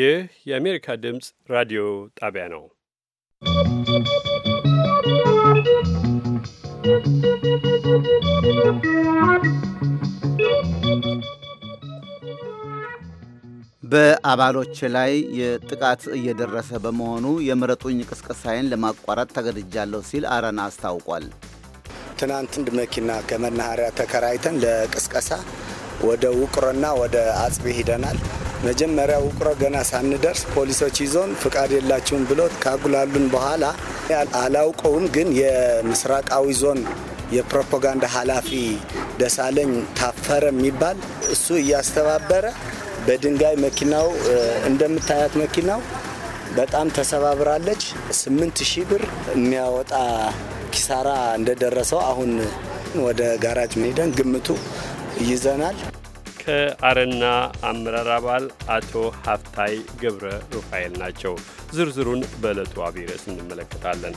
ይህ የአሜሪካ ድምፅ ራዲዮ ጣቢያ ነው። በአባሎች ላይ የጥቃት እየደረሰ በመሆኑ የምረጡኝ ቅስቀሳዬን ለማቋረጥ ተገድጃለሁ ሲል አረና አስታውቋል። ትናንት አንድ መኪና ከመናኸሪያ ተከራይተን ለቅስቀሳ ወደ ውቅሮና ወደ አጽቢ ሂደናል። መጀመሪያ ውቅሮ ገና ሳንደርስ ፖሊሶች ይዞን ፍቃድ የላችሁም ብሎት ካጉላሉን በኋላ አላውቀውም፣ ግን የምስራቃዊ ዞን የፕሮፓጋንዳ ኃላፊ ደሳለኝ ታፈረ የሚባል እሱ እያስተባበረ በድንጋይ መኪናው እንደምታያት መኪናው በጣም ተሰባብራለች። ስምንት ሺህ ብር የሚያወጣ ኪሳራ እንደደረሰው አሁን ወደ ጋራጅ መሄደን ግምቱ ይዘናል። ከአረና አመራር አባል አቶ ሀፍታይ ገብረ ሩፋኤል ናቸው። ዝርዝሩን በዕለቱ አብይ ርዕስ እንመለከታለን።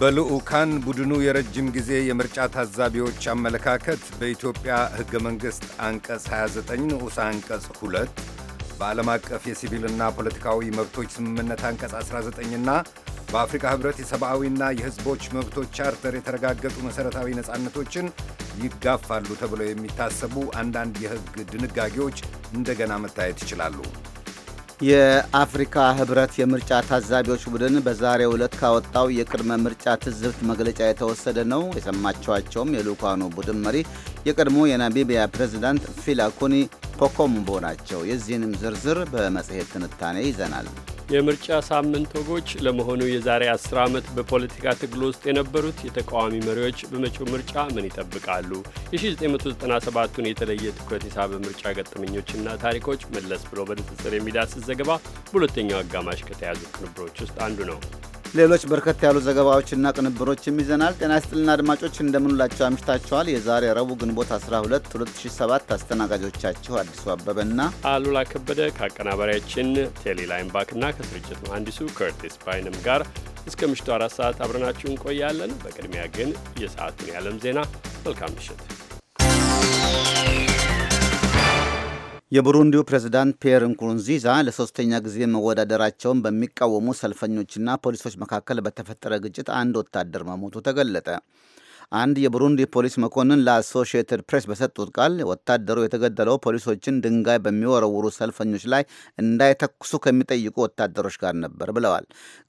በልዑካን ቡድኑ የረጅም ጊዜ የምርጫ ታዛቢዎች አመለካከት በኢትዮጵያ ሕገ መንግሥት አንቀጽ 29 ንዑስ አንቀጽ 2 በዓለም አቀፍ የሲቪልና ፖለቲካዊ መብቶች ስምምነት አንቀጽ 19ና በአፍሪካ ህብረት የሰብአዊና የህዝቦች መብቶች ቻርተር የተረጋገጡ መሠረታዊ ነፃነቶችን ይጋፋሉ ተብለው የሚታሰቡ አንዳንድ የህግ ድንጋጌዎች እንደገና መታየት ይችላሉ። የአፍሪካ ህብረት የምርጫ ታዛቢዎች ቡድን በዛሬው ዕለት ካወጣው የቅድመ ምርጫ ትዝብት መግለጫ የተወሰደ ነው። የሰማችኋቸውም የልኡካኑ ቡድን መሪ የቀድሞ የናሚቢያ ፕሬዚዳንት ፊላኮኒ ፖኮምቦ ናቸው። የዚህንም ዝርዝር በመጽሔት ትንታኔ ይዘናል። የምርጫ ሳምንት ወጎች ለመሆኑ የዛሬ አስር ዓመት በፖለቲካ ትግል ውስጥ የነበሩት የተቃዋሚ መሪዎች በመጪው ምርጫ ምን ይጠብቃሉ? የ1997ቱን የተለየ ትኩረት የሳበ ምርጫ ገጠመኞችና ታሪኮች መለስ ብሎ በንጽጽር የሚዳስስ ዘገባ በሁለተኛው አጋማሽ ከተያዙ ቅንብሮች ውስጥ አንዱ ነው። ሌሎች በርከት ያሉ ዘገባዎችና ቅንብሮችም ይዘናል። ጤና ይስጥልና አድማጮች እንደምንላቸው አምሽታችኋል። የዛሬ ረቡዕ ግንቦት 12 2007 አስተናጋጆቻችሁ አዲሱ አበበና አሉላ ከበደ ከአቀናባሪያችን ቴሌላይን ባክና ከስርጭት መሐንዲሱ ከርቲስ ባይንም ጋር እስከ ምሽቱ አራት ሰዓት አብረናችሁ እንቆያለን። በቅድሚያ ግን የሰዓቱን የዓለም ዜና። መልካም ምሽት። የቡሩንዲው ፕሬዝዳንት ፒየር እንኩሩንዚዛ ለሶስተኛ ጊዜ መወዳደራቸውን በሚቃወሙ ሰልፈኞችና ፖሊሶች መካከል በተፈጠረ ግጭት አንድ ወታደር መሞቱ ተገለጠ። አንድ የቡሩንዲ ፖሊስ መኮንን ለአሶሺየትድ ፕሬስ በሰጡት ቃል ወታደሩ የተገደለው ፖሊሶችን ድንጋይ በሚወረውሩ ሰልፈኞች ላይ እንዳይተኩሱ ከሚጠይቁ ወታደሮች ጋር ነበር ብለዋል።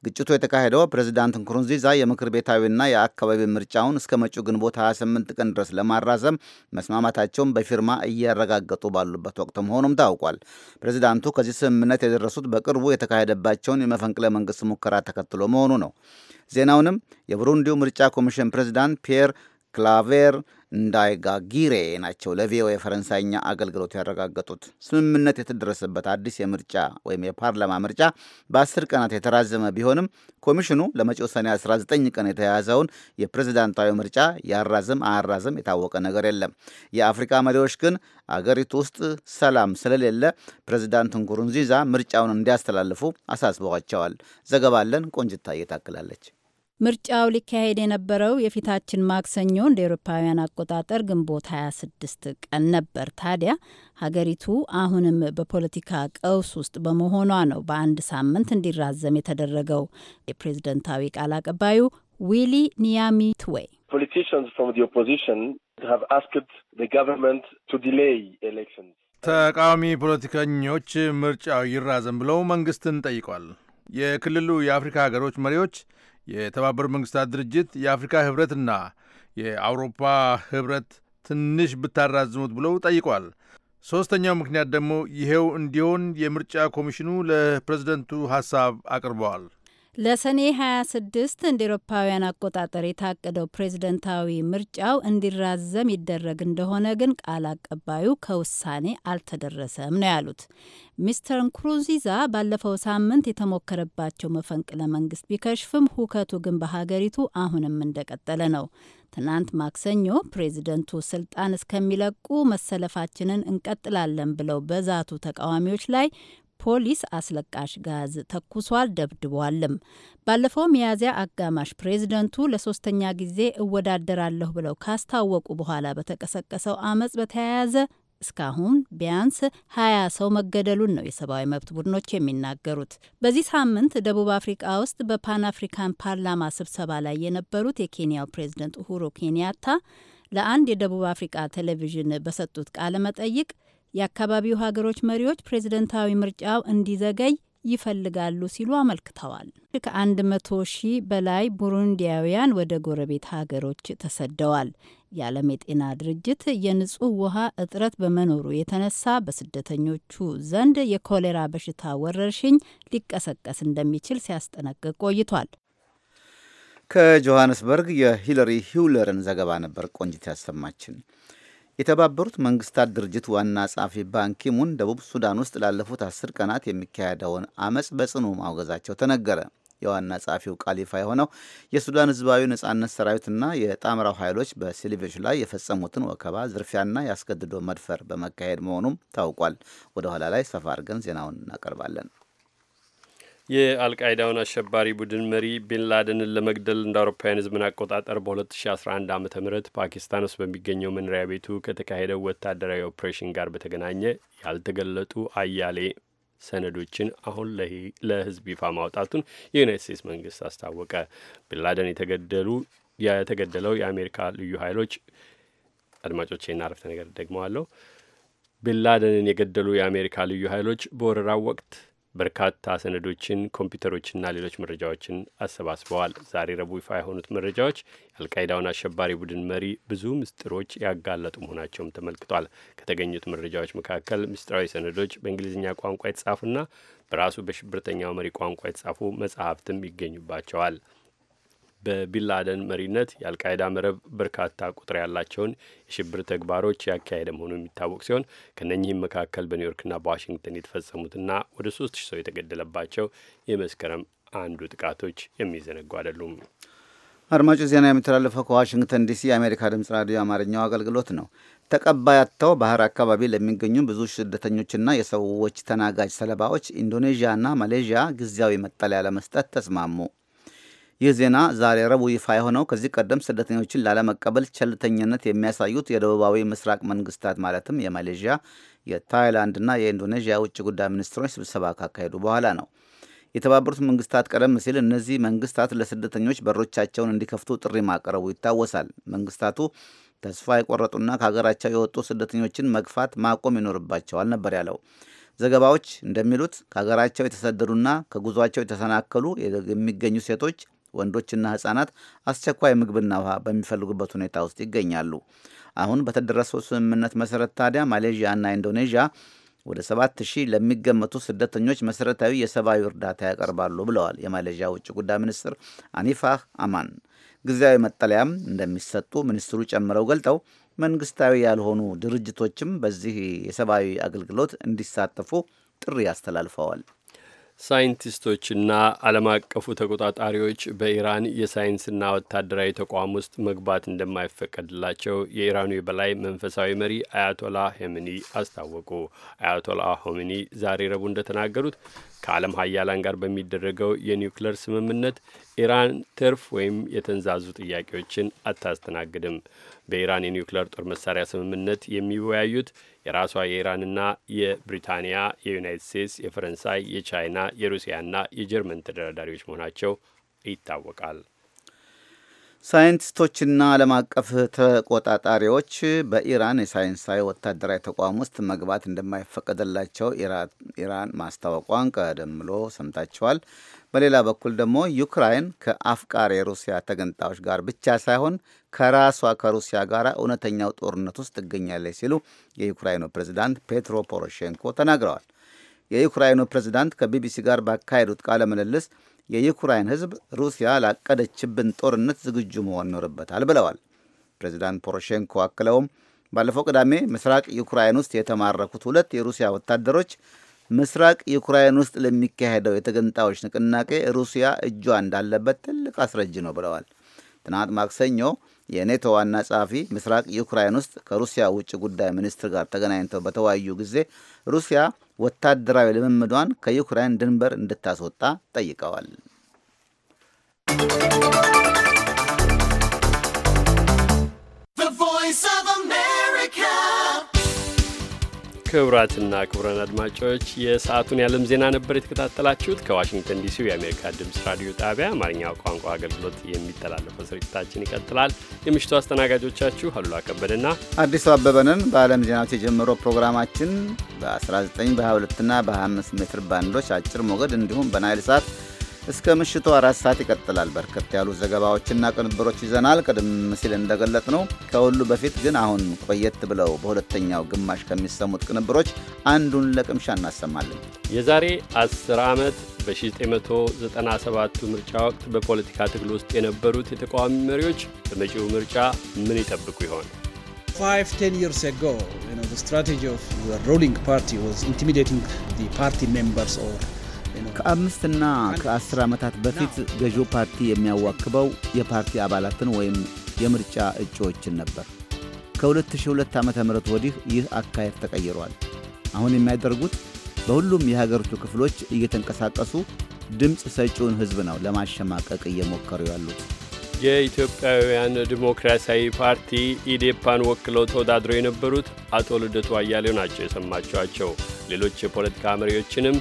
ግጭቱ የተካሄደው ፕሬዚዳንት ንኩሩንዚዛ የምክር ቤታዊና የአካባቢ ምርጫውን እስከ መጪው ግንቦት 28 ቀን ድረስ ለማራዘም መስማማታቸውን በፊርማ እያረጋገጡ ባሉበት ወቅት መሆኑም ታውቋል። ፕሬዚዳንቱ ከዚህ ስምምነት የደረሱት በቅርቡ የተካሄደባቸውን የመፈንቅለ መንግስት ሙከራ ተከትሎ መሆኑ ነው። ዜናውንም የቡሩንዲው ምርጫ ኮሚሽን ፕሬዚዳንት ፒየር ክላቬር እንዳይጋጊሬ ናቸው ለቪኦኤ የፈረንሳይኛ አገልግሎት ያረጋገጡት። ስምምነት የተደረሰበት አዲስ የምርጫ ወይም የፓርላማ ምርጫ በአስር ቀናት የተራዘመ ቢሆንም ኮሚሽኑ ለመጪው ሰኔ 19 ቀን የተያያዘውን የፕሬዝዳንታዊ ምርጫ ያራዝም አያራዝም የታወቀ ነገር የለም። የአፍሪካ መሪዎች ግን አገሪቱ ውስጥ ሰላም ስለሌለ ፕሬዝዳንት ንኩሩንዚዛ ምርጫውን እንዲያስተላልፉ አሳስበዋቸዋል። ዘገባለን ቆንጅታ እየታክላለች። ምርጫው ሊካሄድ የነበረው የፊታችን ማክሰኞ እንደ ኤሮፓውያን አቆጣጠር ግንቦት 26 ቀን ነበር። ታዲያ ሀገሪቱ አሁንም በፖለቲካ ቀውስ ውስጥ በመሆኗ ነው በአንድ ሳምንት እንዲራዘም የተደረገው። የፕሬዝደንታዊ ቃል አቀባዩ ዊሊ ኒያሚትዌ ተቃዋሚ ፖለቲከኞች ምርጫው ይራዘም ብለው መንግስትን ጠይቋል። የክልሉ የአፍሪካ ሀገሮች መሪዎች የተባበሩት መንግስታት ድርጅት የአፍሪካ ህብረትና የአውሮፓ ህብረት ትንሽ ብታራዝሙት ብለው ጠይቋል። ሦስተኛው ምክንያት ደግሞ ይሄው እንዲሆን የምርጫ ኮሚሽኑ ለፕሬዝደንቱ ሐሳብ አቅርበዋል። ለሰኔ 26 እንደ ኤሮፓውያን አቆጣጠር የታቀደው ፕሬዝደንታዊ ምርጫው እንዲራዘም ይደረግ እንደሆነ ግን ቃል አቀባዩ ከውሳኔ አልተደረሰም ነው ያሉት። ሚስተር ንኩሩንዚዛ ባለፈው ሳምንት የተሞከረባቸው መፈንቅለ መንግስት ቢከሽፍም ሁከቱ ግን በሀገሪቱ አሁንም እንደቀጠለ ነው። ትናንት ማክሰኞ ፕሬዝደንቱ ስልጣን እስከሚለቁ መሰለፋችንን እንቀጥላለን ብለው በዛቱ ተቃዋሚዎች ላይ ፖሊስ አስለቃሽ ጋዝ ተኩሷል፣ ደብድቧልም። ባለፈው ሚያዝያ አጋማሽ ፕሬዝደንቱ ለሶስተኛ ጊዜ እወዳደራለሁ ብለው ካስታወቁ በኋላ በተቀሰቀሰው አመጽ በተያያዘ እስካሁን ቢያንስ ሀያ ሰው መገደሉን ነው የሰብአዊ መብት ቡድኖች የሚናገሩት። በዚህ ሳምንት ደቡብ አፍሪካ ውስጥ በፓን አፍሪካን ፓርላማ ስብሰባ ላይ የነበሩት የኬንያው ፕሬዝደንት ኡሁሩ ኬንያታ ለአንድ የደቡብ አፍሪካ ቴሌቪዥን በሰጡት ቃለ መጠይቅ የአካባቢው ሀገሮች መሪዎች ፕሬዝደንታዊ ምርጫው እንዲዘገይ ይፈልጋሉ ሲሉ አመልክተዋል። ከአንድ መቶ ሺህ በላይ ቡሩንዲያውያን ወደ ጎረቤት ሀገሮች ተሰደዋል። የዓለም የጤና ድርጅት የንጹህ ውሃ እጥረት በመኖሩ የተነሳ በስደተኞቹ ዘንድ የኮሌራ በሽታ ወረርሽኝ ሊቀሰቀስ እንደሚችል ሲያስጠነቅቅ ቆይቷል። ከጆሃንስበርግ የሂለሪ ሂውለርን ዘገባ ነበር ቆንጅት ያሰማችን። የተባበሩት መንግስታት ድርጅት ዋና ጸሐፊ ባንኪሙን ደቡብ ሱዳን ውስጥ ላለፉት አስር ቀናት የሚካሄደውን አመፅ በጽኑ ማውገዛቸው ተነገረ። የዋና ጸሐፊው ቃሊፋ የሆነው የሱዳን ህዝባዊ ነጻነት ሰራዊትና የጣምራው ኃይሎች በሲቪሎች ላይ የፈጸሙትን ወከባ፣ ዝርፊያና ያስገድዶ መድፈር በመካሄድ መሆኑም ታውቋል። ወደ ኋላ ላይ ሰፋ አድርገን ዜናውን እናቀርባለን። የአልቃይዳውን አሸባሪ ቡድን መሪ ቢን ላደንን ለመግደል እንደ አውሮፓውያን ህዝብን አቆጣጠር በ2011 ዓ ም ፓኪስታን ውስጥ በሚገኘው መኖሪያ ቤቱ ከተካሄደው ወታደራዊ ኦፕሬሽን ጋር በተገናኘ ያልተገለጡ አያሌ ሰነዶችን አሁን ለህዝብ ይፋ ማውጣቱን የዩናይት ስቴትስ መንግስት አስታወቀ። ቢን ላደን የተገደሉ የተገደለው የአሜሪካ ልዩ ኃይሎች አድማጮች ና ነገር ደግመዋለሁ። ቢን ላደንን የገደሉ የአሜሪካ ልዩ ኃይሎች በወረራው ወቅት በርካታ ሰነዶችን፣ ኮምፒውተሮችና ሌሎች መረጃዎችን አሰባስበዋል። ዛሬ ረቡዕ ይፋ የሆኑት መረጃዎች የአልቃይዳውን አሸባሪ ቡድን መሪ ብዙ ምስጢሮች ያጋለጡ መሆናቸውም ተመልክቷል። ከተገኙት መረጃዎች መካከል ምስጢራዊ ሰነዶች በእንግሊዝኛ ቋንቋ የተጻፉና በራሱ በሽብርተኛው መሪ ቋንቋ የተጻፉ መጽሐፍትም ይገኙባቸዋል። በቢንላደን መሪነት የአልቃይዳ መረብ በርካታ ቁጥር ያላቸውን የሽብር ተግባሮች ያካሄደ መሆኑ የሚታወቅ ሲሆን ከነኚህም መካከል በኒውዮርክና በዋሽንግተን የተፈጸሙትና ወደ ሶስት ሺህ ሰው የተገደለባቸው የመስከረም አንዱ ጥቃቶች የሚዘነጉ አይደሉም። አድማጮች ዜና የሚተላለፈው ከዋሽንግተን ዲሲ የአሜሪካ ድምጽ ራዲዮ አማርኛው አገልግሎት ነው። ተቀባይ አጥተው ባህር አካባቢ ለሚገኙ ብዙ ስደተኞችና የሰዎች ተናጋጅ ሰለባዎች ኢንዶኔዥያና ማሌዥያ ጊዜያዊ መጠለያ ለመስጠት ተስማሙ። ይህ ዜና ዛሬ ረቡዕ ይፋ የሆነው ከዚህ ቀደም ስደተኞችን ላለመቀበል ቸልተኝነት የሚያሳዩት የደቡባዊ ምስራቅ መንግስታት ማለትም የማሌዥያ፣ እና የኢንዶኔዥያ ውጭ ጉዳይ ሚኒስትሮች ስብሰባ ካካሄዱ በኋላ ነው። የተባበሩት መንግስታት ቀደም ሲል እነዚህ መንግስታት ለስደተኞች በሮቻቸውን እንዲከፍቱ ጥሪ ማቅረቡ ይታወሳል። መንግስታቱ ተስፋ የቆረጡና ከሀገራቸው የወጡ ስደተኞችን መግፋት ማቆም ይኖርባቸዋል ነበር ያለው። ዘገባዎች እንደሚሉት ከሀገራቸው የተሰደዱና ከጉዟቸው የተሰናከሉ የሚገኙ ሴቶች ወንዶችና ህጻናት አስቸኳይ ምግብና ውሃ በሚፈልጉበት ሁኔታ ውስጥ ይገኛሉ። አሁን በተደረሰው ስምምነት መሰረት ታዲያ ማሌዥያ እና ኢንዶኔዥያ ወደ ሰባት ሺህ ለሚገመቱ ስደተኞች መሰረታዊ የሰብአዊ እርዳታ ያቀርባሉ ብለዋል የማሌዥያ ውጭ ጉዳይ ሚኒስትር አኒፋህ አማን። ጊዜያዊ መጠለያም እንደሚሰጡ ሚኒስትሩ ጨምረው ገልጠው መንግስታዊ ያልሆኑ ድርጅቶችም በዚህ የሰብአዊ አገልግሎት እንዲሳተፉ ጥሪ አስተላልፈዋል። ሳይንቲስቶችና ዓለም አቀፉ ተቆጣጣሪዎች በኢራን የሳይንስና ወታደራዊ ተቋም ውስጥ መግባት እንደማይፈቀድላቸው የኢራኑ የበላይ መንፈሳዊ መሪ አያቶላ ሄምኒ አስታወቁ። አያቶላ ሆሚኒ ዛሬ ረቡዕ እንደተናገሩት ከዓለም ሀያላን ጋር በሚደረገው የኒውክሌር ስምምነት ኢራን ትርፍ ወይም የተንዛዙ ጥያቄዎችን አታስተናግድም። በኢራን የኒውክሌር ጦር መሳሪያ ስምምነት የሚወያዩት የራሷ የኢራንና የብሪታንያ፣ የዩናይትድ ስቴትስ፣ የፈረንሳይ፣ የቻይና፣ የሩሲያና የጀርመን ተደራዳሪዎች መሆናቸው ይታወቃል። ሳይንቲስቶችና ዓለም አቀፍ ተቆጣጣሪዎች በኢራን የሳይንሳዊ ወታደራዊ ተቋም ውስጥ መግባት እንደማይፈቀደላቸው ኢራን ማስታወቋን ቀደም ብሎ ሰምታችኋል። በሌላ በኩል ደግሞ ዩክራይን ከአፍቃር የሩሲያ ተገንጣዮች ጋር ብቻ ሳይሆን ከራሷ ከሩሲያ ጋር እውነተኛው ጦርነት ውስጥ ትገኛለች ሲሉ የዩክራይኑ ፕሬዚዳንት ፔትሮ ፖሮሼንኮ ተናግረዋል። የዩክራይኑ ፕሬዚዳንት ከቢቢሲ ጋር ባካሄዱት ቃለ ምልልስ የዩክራይን ሕዝብ ሩሲያ ላቀደችብን ጦርነት ዝግጁ መሆን ይኖርበታል ብለዋል። ፕሬዚዳንት ፖሮሼንኮ አክለውም ባለፈው ቅዳሜ ምስራቅ ዩክራይን ውስጥ የተማረኩት ሁለት የሩሲያ ወታደሮች ምስራቅ ዩክራይን ውስጥ ለሚካሄደው የተገንጣዮች ንቅናቄ ሩሲያ እጇ እንዳለበት ትልቅ አስረጅ ነው ብለዋል። ትናንት ማክሰኞ የኔቶ ዋና ጸሐፊ ምስራቅ ዩክራይን ውስጥ ከሩሲያ ውጭ ጉዳይ ሚኒስትር ጋር ተገናኝተው በተወያዩ ጊዜ ሩሲያ ወታደራዊ ልምምዷን ከዩክራይን ድንበር እንድታስወጣ ጠይቀዋል። ክቡራትና ክቡራን አድማጮች የሰዓቱን የዓለም ዜና ነበር የተከታተላችሁት። ከዋሽንግተን ዲሲው የአሜሪካ ድምፅ ራዲዮ ጣቢያ አማርኛ ቋንቋ አገልግሎት የሚተላለፈው ስርጭታችን ይቀጥላል። የምሽቱ አስተናጋጆቻችሁ አሉላ ከበደና አዲሱ አበበንን በዓለም ዜናዎች የጀመረው ፕሮግራማችን በ19 በ22ና በ25 ሜትር ባንዶች አጭር ሞገድ እንዲሁም በናይል ሳት እስከ ምሽቱ አራት ሰዓት ይቀጥላል። በርከት ያሉ ዘገባዎችና ቅንብሮች ይዘናል። ቀደም ሲል እንደገለጥ ነው። ከሁሉ በፊት ግን አሁን ቆየት ብለው በሁለተኛው ግማሽ ከሚሰሙት ቅንብሮች አንዱን ለቅምሻ እናሰማለን። የዛሬ አስር ዓመት በ1997ቱ ምርጫ ወቅት በፖለቲካ ትግል ውስጥ የነበሩት የተቃዋሚ መሪዎች በመጪው ምርጫ ምን ይጠብቁ ይሆን? ስትራቴጂ ኦፍ ዘ ፓርቲ ኢንቲሚዴቲንግ ፓርቲ ሜምበርስ ኦር ከአምስትና ከአስር ዓመታት በፊት ገዢው ፓርቲ የሚያዋክበው የፓርቲ አባላትን ወይም የምርጫ እጩዎችን ነበር። ከ2002 ዓ ም ወዲህ ይህ አካሄድ ተቀይሯል። አሁን የሚያደርጉት በሁሉም የሀገሪቱ ክፍሎች እየተንቀሳቀሱ ድምፅ ሰጪውን ሕዝብ ነው ለማሸማቀቅ እየሞከሩ ያሉት። የኢትዮጵያውያን ዲሞክራሲያዊ ፓርቲ ኢዴፓን ወክለው ተወዳድረው የነበሩት አቶ ልደቱ አያሌው ናቸው የሰማችኋቸው። ሌሎች የፖለቲካ መሪዎችንም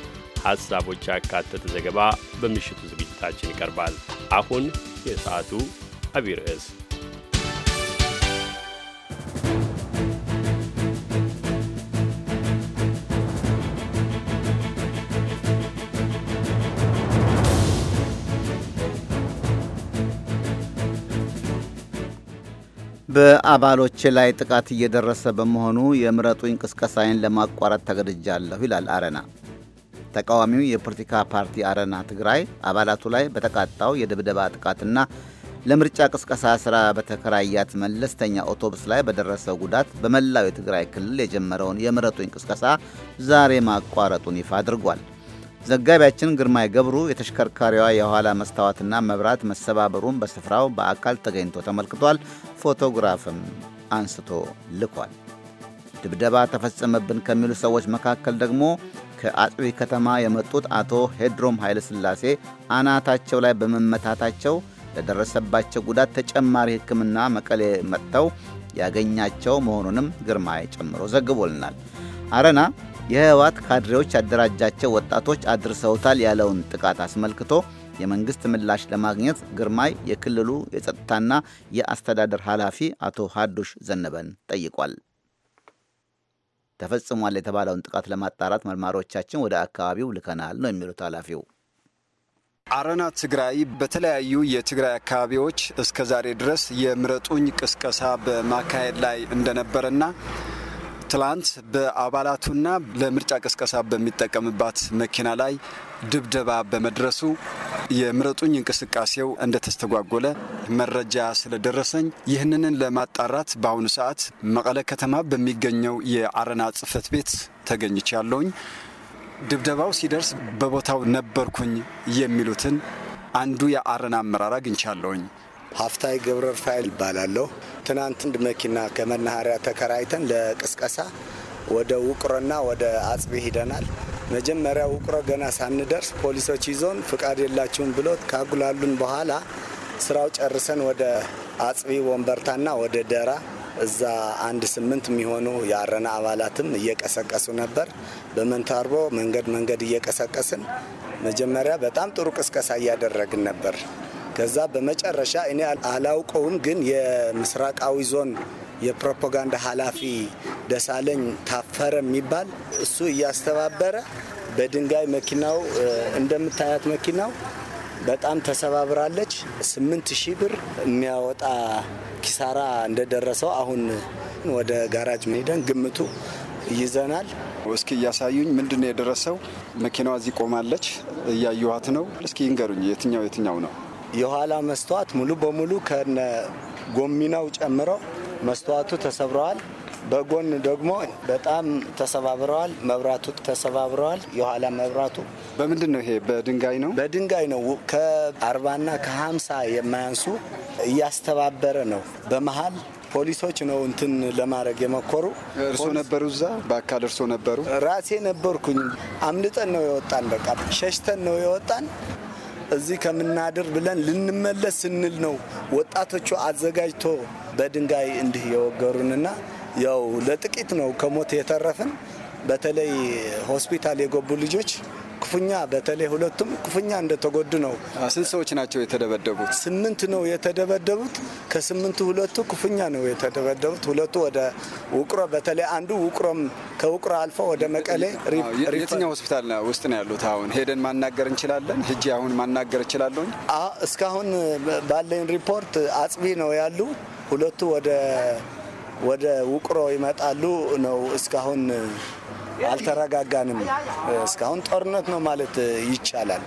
ሐሳቦች ያካተተ ዘገባ በምሽቱ ዝግጅታችን ይቀርባል። አሁን የሰዓቱ አብይ ርዕስ በአባሎች ላይ ጥቃት እየደረሰ በመሆኑ የምረጡኝ ቅስቀሳዬን ለማቋረጥ ተገድጃለሁ ይላል አረና። ተቃዋሚው የፖለቲካ ፓርቲ አረና ትግራይ አባላቱ ላይ በተቃጣው የድብደባ ጥቃትና ለምርጫ ቅስቀሳ ስራ በተከራያት መለስተኛ አውቶቡስ ላይ በደረሰው ጉዳት በመላው የትግራይ ክልል የጀመረውን የምረጡኝ ቅስቀሳ ዛሬ ማቋረጡን ይፋ አድርጓል። ዘጋቢያችን ግርማይ ገብሩ የተሽከርካሪዋ የኋላ መስታወትና መብራት መሰባበሩን በስፍራው በአካል ተገኝቶ ተመልክቷል። ፎቶግራፍም አንስቶ ልኳል። ድብደባ ተፈጸመብን ከሚሉ ሰዎች መካከል ደግሞ ከአጥቢ ከተማ የመጡት አቶ ሄድሮም ኃይለሥላሴ አናታቸው ላይ በመመታታቸው ለደረሰባቸው ጉዳት ተጨማሪ ሕክምና መቀሌ መጥተው ያገኛቸው መሆኑንም ግርማይ ጨምሮ ዘግቦልናል። አረና የህወሓት ካድሬዎች ያደራጃቸው ወጣቶች አድርሰውታል ያለውን ጥቃት አስመልክቶ የመንግስት ምላሽ ለማግኘት ግርማይ የክልሉ የጸጥታና የአስተዳደር ኃላፊ አቶ ሀዱሽ ዘነበን ጠይቋል። ተፈጽሟል የተባለውን ጥቃት ለማጣራት መርማሪዎቻችን ወደ አካባቢው ልከናል ነው የሚሉት ኃላፊው። አረና ትግራይ በተለያዩ የትግራይ አካባቢዎች እስከ ዛሬ ድረስ የምረጡኝ ቅስቀሳ በማካሄድ ላይ እንደነበረና ትላንት በአባላቱና ለምርጫ ቅስቀሳ በሚጠቀምባት መኪና ላይ ድብደባ በመድረሱ የምረጡኝ እንቅስቃሴው እንደተስተጓጎለ መረጃ ስለደረሰኝ ይህንንን ለማጣራት በአሁኑ ሰዓት መቀለ ከተማ በሚገኘው የአረና ጽህፈት ቤት ተገኝቻለሁኝ። ድብደባው ሲደርስ በቦታው ነበርኩኝ የሚሉትን አንዱ የአረና አመራር አግኝቻለሁኝ። ሀፍታይ ፋይል ይባላለሁ። ትናንት አንድ መኪና ከመናኸሪያ ተከራይተን ለቅስቀሳ ወደ ውቅሮና ወደ አጽቤ ሂደናል። መጀመሪያ ውቅሮ ገና ሳንደርስ ፖሊሶች ይዞን ፍቃድ የላችሁም ብሎት ካጉላሉን በኋላ ስራው ጨርሰን ወደ አጽቢ ወንበርታና ወደ ደራ እዛ አንድ ስምንት የሚሆኑ የአረና አባላትም እየቀሰቀሱ ነበር። በመንታርቦ መንገድ መንገድ እየቀሰቀስን መጀመሪያ በጣም ጥሩ ቅስቀሳ እያደረግን ነበር። ከዛ በመጨረሻ እኔ አላውቀውም፣ ግን የምስራቃዊ ዞን የፕሮፓጋንዳ ኃላፊ ደሳለኝ ታፈረ የሚባል እሱ እያስተባበረ በድንጋይ መኪናው እንደምታያት መኪናው በጣም ተሰባብራለች። ስምንት ሺህ ብር የሚያወጣ ኪሳራ እንደደረሰው አሁን ወደ ጋራጅ መሄደን ግምቱ ይዘናል። እስኪ እያሳዩኝ ምንድን ነው የደረሰው? መኪናዋ እዚህ ቆማለች፣ እያየኋት ነው። እስኪ ይንገሩኝ የትኛው የትኛው ነው? የኋላ መስተዋት ሙሉ በሙሉ ከነ ጎሚናው ጨምሮ መስተዋቱ ተሰብረዋል። በጎን ደግሞ በጣም ተሰባብረዋል። መብራቱ ተሰባብረዋል። የኋላ መብራቱ በምንድን ነው? ይሄ በድንጋይ ነው፣ በድንጋይ ነው። ከአርባና ከሀምሳ የማያንሱ እያስተባበረ ነው። በመሀል ፖሊሶች ነው እንትን ለማድረግ የመኮሩ እርሶ ነበሩ እዛ? በአካል እርሶ ነበሩ? ራሴ ነበርኩኝ። አምልጠን ነው የወጣን። በቃ ሸሽተን ነው የወጣን። እዚህ ከምናድር ብለን ልንመለስ ስንል ነው ወጣቶቹ አዘጋጅቶ በድንጋይ እንዲህ የወገሩንና ያው ለጥቂት ነው ከሞት የተረፍን። በተለይ ሆስፒታል የገቡ ልጆች ክፉኛ በተለይ ሁለቱም ክፉኛ እንደተጎዱ ነው። ስንት ሰዎች ናቸው የተደበደቡት? ስምንት ነው የተደበደቡት። ከስምንቱ ሁለቱ ክፉኛ ነው የተደበደቡት። ሁለቱ ወደ ውቅሮ በተለይ አንዱ ውቅሮም ከውቅሮ አልፎ ወደ መቀሌ የትኛው ሆስፒታል ውስጥ ነው ያሉት? አሁን ሄደን ማናገር እንችላለን? ሂጂ አሁን ማናገር እችላለሁ? እስካሁን ባለኝ ሪፖርት አጽቢ ነው ያሉ ሁለቱ ወደ ውቅሮ ይመጣሉ ነው እስካሁን አልተረጋጋንም። እስካሁን ጦርነት ነው ማለት ይቻላል።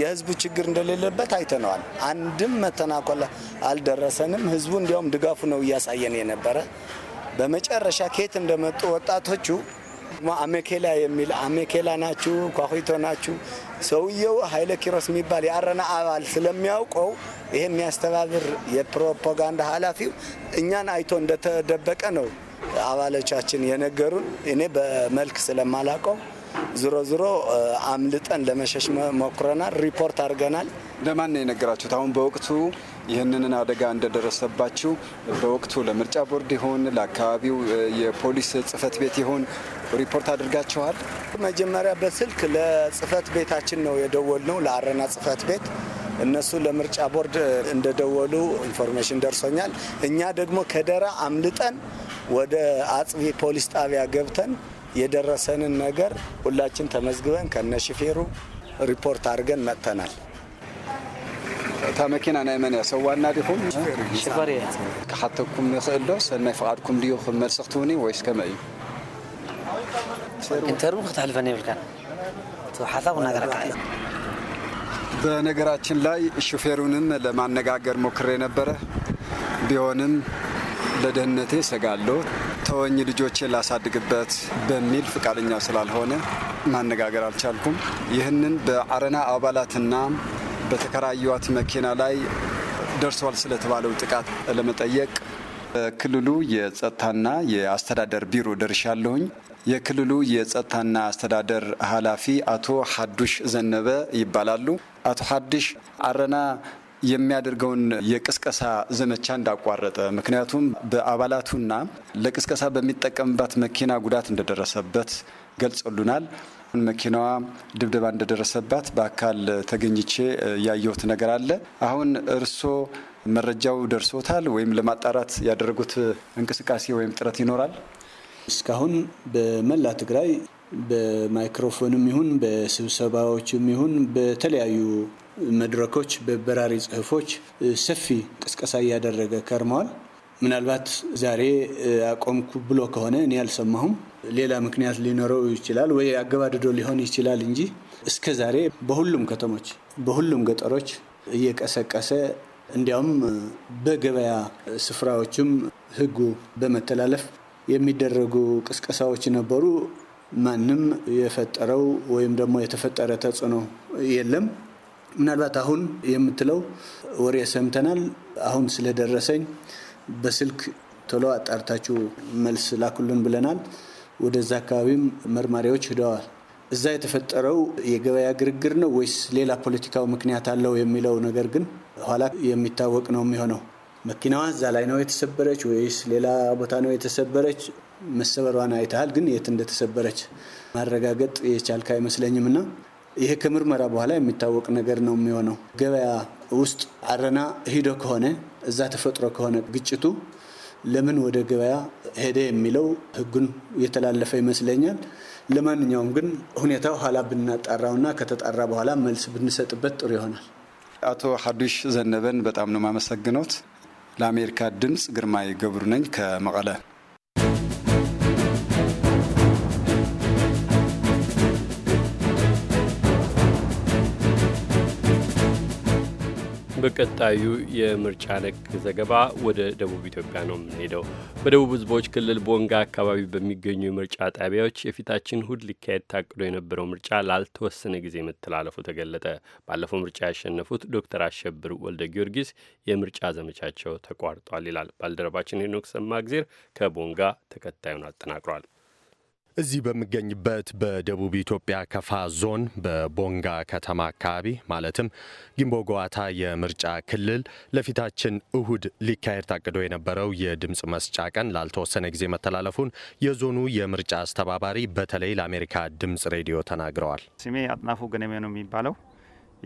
የህዝቡ ችግር እንደሌለበት አይተነዋል። አንድም መተናኮል አልደረሰንም። ህዝቡ እንዲያውም ድጋፉ ነው እያሳየን የነበረ። በመጨረሻ ከየት እንደመጡ ወጣቶቹ አሜኬላ የሚል አሜኬላ ናችሁ፣ ኳኩቶ ናችሁ። ሰውየው ኃይለ ኪሮስ የሚባል የአረና አባል ስለሚያውቀው ይሄ የሚያስተባብር የፕሮፓጋንዳ ኃላፊው እኛን አይቶ እንደተደበቀ ነው አባሎቻችን የነገሩን። እኔ በመልክ ስለማላቀው ዝሮ ዝሮ አምልጠን ለመሸሽ ሞክረናል። ሪፖርት አድርገናል። ለማን ነው የነገራችሁት? አሁን በወቅቱ ይህንን አደጋ እንደደረሰባችሁ በወቅቱ ለምርጫ ቦርድ ይሆን ለአካባቢው የፖሊስ ጽህፈት ቤት ይሆን ሪፖርት አድርጋችኋል? መጀመሪያ በስልክ ለጽህፈት ቤታችን ነው የደወልነው፣ ለአረና ጽህፈት ቤት እነሱ ለምርጫ ቦርድ እንደደወሉ ኢንፎርሜሽን ደርሶኛል። እኛ ደግሞ ከደራ አምልጠን ወደ አጽቢ ፖሊስ ጣቢያ ገብተን የደረሰንን ነገር ሁላችን ተመዝግበን ከነሽፌሩ ሪፖርት አድርገን መጥተናል። እታ መኪና ናይ መን እያ ሰዋና ዲኹም ሽፈር እየ ክሓተኩም ንኽእል ዶ ሰናይ ፍቓድኩም ድዩ ክመልስኽትውኒ ወይስ ከመይ እዩ ኢንተርቪው ክትሕልፈኒ ይብልከን ሓሳብ እናገረካ በነገራችን ላይ ሹፌሩንም ለማነጋገር ሞክሬ ነበረ። ቢሆንም ለደህንነቴ ሰጋለሁ፣ ተወኝ ልጆች ላሳድግበት በሚል ፍቃደኛ ስላልሆነ ማነጋገር አልቻልኩም። ይህንን በአረና አባላትና በተከራዩዋት መኪና ላይ ደርሷል ስለተባለው ጥቃት ለመጠየቅ ክልሉ የጸጥታና የአስተዳደር ቢሮ ደርሻለሁኝ። የክልሉ የጸጥታና አስተዳደር ኃላፊ አቶ ሀዱሽ ዘነበ ይባላሉ። አቶ ሀዱሽ አረና የሚያደርገውን የቅስቀሳ ዘመቻ እንዳቋረጠ ምክንያቱም በአባላቱና ለቅስቀሳ በሚጠቀምባት መኪና ጉዳት እንደደረሰበት ገልጸሉናል። መኪናዋ ድብደባ እንደደረሰባት በአካል ተገኝቼ ያየሁት ነገር አለ። አሁን እርሶ መረጃው ደርሶታል ወይም ለማጣራት ያደረጉት እንቅስቃሴ ወይም ጥረት ይኖራል? እስካሁን በመላ ትግራይ በማይክሮፎንም ይሁን በስብሰባዎችም ይሁን በተለያዩ መድረኮች በበራሪ ጽሁፎች ሰፊ ቅስቀሳ እያደረገ ከርመዋል። ምናልባት ዛሬ አቆምኩ ብሎ ከሆነ እኔ አልሰማሁም። ሌላ ምክንያት ሊኖረው ይችላል ወይ አገባድዶ ሊሆን ይችላል እንጂ እስከ ዛሬ በሁሉም ከተሞች፣ በሁሉም ገጠሮች እየቀሰቀሰ እንዲያውም በገበያ ስፍራዎችም ህጉ በመተላለፍ የሚደረጉ ቅስቀሳዎች ነበሩ። ማንም የፈጠረው ወይም ደግሞ የተፈጠረ ተጽዕኖ የለም። ምናልባት አሁን የምትለው ወሬ ሰምተናል። አሁን ስለደረሰኝ በስልክ ቶሎ አጣርታችሁ መልስ ላኩልን ብለናል። ወደዛ አካባቢም መርማሪዎች ሂደዋል። እዛ የተፈጠረው የገበያ ግርግር ነው ወይስ ሌላ ፖለቲካው ምክንያት አለው የሚለው ነገር ግን ኋላ የሚታወቅ ነው የሚሆነው። መኪናዋ እዛ ላይ ነው የተሰበረች ወይስ ሌላ ቦታ ነው የተሰበረች? መሰበሯን አይተሃል፣ ግን የት እንደተሰበረች ማረጋገጥ የቻልክ አይመስለኝም። ና ይሄ ከምርመራ በኋላ የሚታወቅ ነገር ነው የሚሆነው። ገበያ ውስጥ አረና ሂዶ ከሆነ እዛ ተፈጥሮ ከሆነ ግጭቱ ለምን ወደ ገበያ ሄደ የሚለው ህጉን የተላለፈ ይመስለኛል። ለማንኛውም ግን ሁኔታው ኋላ ብናጣራውና ከተጣራ በኋላ መልስ ብንሰጥበት ጥሩ ይሆናል። አቶ ሀዱሽ ዘነበን በጣም ነው ማመሰግኖት። ለአሜሪካ ድምፅ ግርማይ ገብሩ ነኝ ከመቀለ። በቀጣዩ የምርጫ ነክ ዘገባ ወደ ደቡብ ኢትዮጵያ ነው የምንሄደው። በደቡብ ህዝቦች ክልል ቦንጋ አካባቢ በሚገኙ የምርጫ ጣቢያዎች የፊታችን እሁድ ሊካሄድ ታቅዶ የነበረው ምርጫ ላልተወሰነ ጊዜ መተላለፉ ተገለጠ። ባለፈው ምርጫ ያሸነፉት ዶክተር አሸብር ወልደ ጊዮርጊስ የምርጫ ዘመቻቸው ተቋርጧል ይላል ባልደረባችን ሄኖክ ሰማግዜር ከቦንጋ ተከታዩን አጠናቅሯል። እዚህ በሚገኝበት በደቡብ ኢትዮጵያ ከፋ ዞን በቦንጋ ከተማ አካባቢ ማለትም ጊምቦ ጓዋታ የምርጫ ክልል ለፊታችን እሁድ ሊካሄድ ታቅዶ የነበረው የድምፅ መስጫ ቀን ላልተወሰነ ጊዜ መተላለፉን የዞኑ የምርጫ አስተባባሪ በተለይ ለአሜሪካ ድምፅ ሬዲዮ ተናግረዋል። ስሜ አጥናፉ ገነሜ ነው የሚባለው።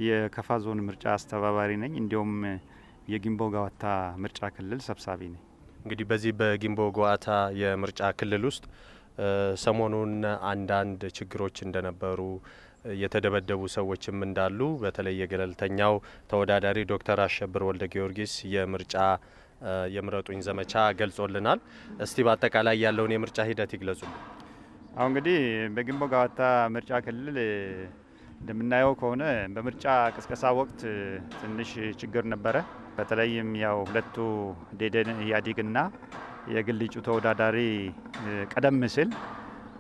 የከፋ ዞን ምርጫ አስተባባሪ ነኝ። እንዲሁም የጊምቦ ጓዋታ ምርጫ ክልል ሰብሳቢ ነኝ። እንግዲህ በዚህ በጊምቦ የምርጫ ክልል ውስጥ ሰሞኑን አንዳንድ ችግሮች እንደነበሩ የተደበደቡ ሰዎችም እንዳሉ በተለይ የገለልተኛው ተወዳዳሪ ዶክተር አሸብር ወልደ ጊዮርጊስ የምርጫ የምረጡኝ ዘመቻ ገልጾልናል። እስቲ በአጠቃላይ ያለውን የምርጫ ሂደት ይግለጹ። አሁን እንግዲህ በግንቦ ጋዋታ ምርጫ ክልል እንደምናየው ከሆነ በምርጫ ቅስቀሳ ወቅት ትንሽ ችግር ነበረ። በተለይም ያው ሁለቱ ዴደን ኢህአዴግና የግል እጩ ተወዳዳሪ ቀደም ሲል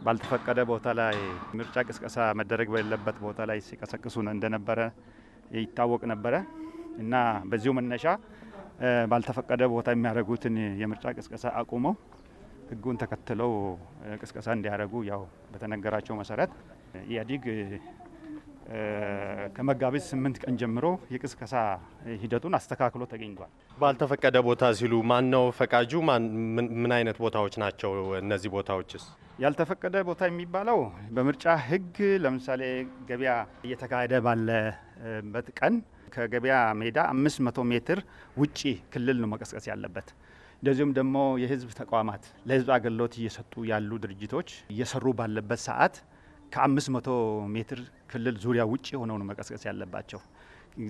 ባልተፈቀደ ቦታ ላይ ምርጫ ቅስቀሳ መደረግ በሌለበት ቦታ ላይ ሲቀሰቅሱ እንደነበረ ይታወቅ ነበረ እና በዚሁ መነሻ ባልተፈቀደ ቦታ የሚያደርጉትን የምርጫ ቅስቀሳ አቁመው ህጉን ተከትለው ቅስቀሳ እንዲያደርጉ ያው በተነገራቸው መሰረት ኢህአዴግ ከመጋቢት ስምንት ቀን ጀምሮ የቅስቀሳ ሂደቱን አስተካክሎ ተገኝቷል። ባልተፈቀደ ቦታ ሲሉ ማን ነው ፈቃጁ? ምን አይነት ቦታዎች ናቸው እነዚህ ቦታዎችስ? ያልተፈቀደ ቦታ የሚባለው በምርጫ ሕግ ለምሳሌ ገበያ እየተካሄደ ባለበት ቀን ከገበያ ሜዳ አምስት መቶ ሜትር ውጪ ክልል ነው መቀስቀስ ያለበት። እንደዚሁም ደግሞ የህዝብ ተቋማት ለህዝብ አገልግሎት እየሰጡ ያሉ ድርጅቶች እየሰሩ ባለበት ሰዓት ከአምስት መቶ ሜትር ክልል ዙሪያ ውጭ ሆነው ነው መቀስቀስ ያለባቸው።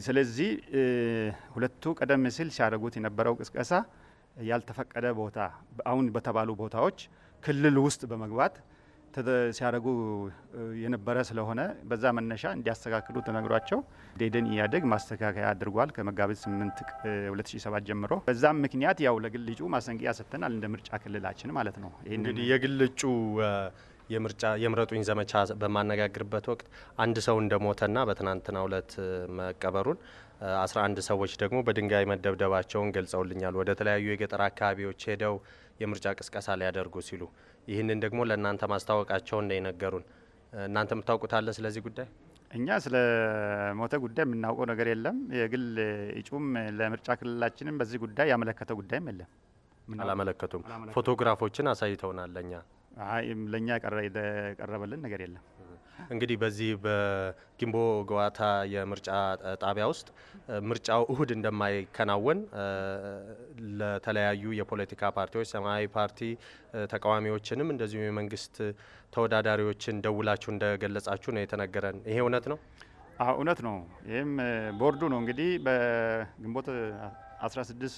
ስለዚህ ሁለቱ ቀደም ሲል ሲያደርጉት የነበረው ቅስቀሳ ያልተፈቀደ ቦታ አሁን በተባሉ ቦታዎች ክልል ውስጥ በመግባት ሲያደርጉ የነበረ ስለሆነ በዛ መነሻ እንዲያስተካክሉ ተነግሯቸው ደደን እያደግ ማስተካከያ አድርጓል ከመጋቢት 8 2007 ጀምሮ። በዛም ምክንያት ያው ለግል እጩ ማስጠንቀቂያ ሰጥተናል እንደ ምርጫ ክልላችን ማለት ነው። እንግዲህ የግል እጩ የምርጫ የምረጡኝ ዘመቻ በማነጋግርበት ወቅት አንድ ሰው እንደሞተና በትናንትናው ሁለት መቀበሩን አስራ አንድ ሰዎች ደግሞ በድንጋይ መደብደባቸውን ገልጸውልኛል። ወደ ተለያዩ የገጠር አካባቢዎች ሄደው የምርጫ ቅስቀሳ ሊያደርጉ ሲሉ ይህንን ደግሞ ለእናንተ ማስታወቃቸውን ነው የነገሩን። እናንተ የምታውቁት አለ ስለዚህ ጉዳይ? እኛ ስለ ሞተ ጉዳይ የምናውቀው ነገር የለም። የግል እጩም ለምርጫ ክልላችንም በዚህ ጉዳይ ያመለከተው ጉዳይም የለም። አላመለከቱም። ፎቶግራፎችን አሳይተውናል ለእኛ የቀረበልን ነገር የለም። እንግዲህ በዚህ በጊምቦ ገዋታ የምርጫ ጣቢያ ውስጥ ምርጫው እሁድ እንደማይከናወን ለተለያዩ የፖለቲካ ፓርቲዎች ሰማያዊ ፓርቲ ተቃዋሚዎችንም እንደዚሁም የመንግስት ተወዳዳሪዎችን ደውላችሁ እንደገለጻችሁ ነው የተነገረን። ይሄ እውነት ነው? አዎ እውነት ነው። ይህም ቦርዱ ነው እንግዲህ በግንቦት 16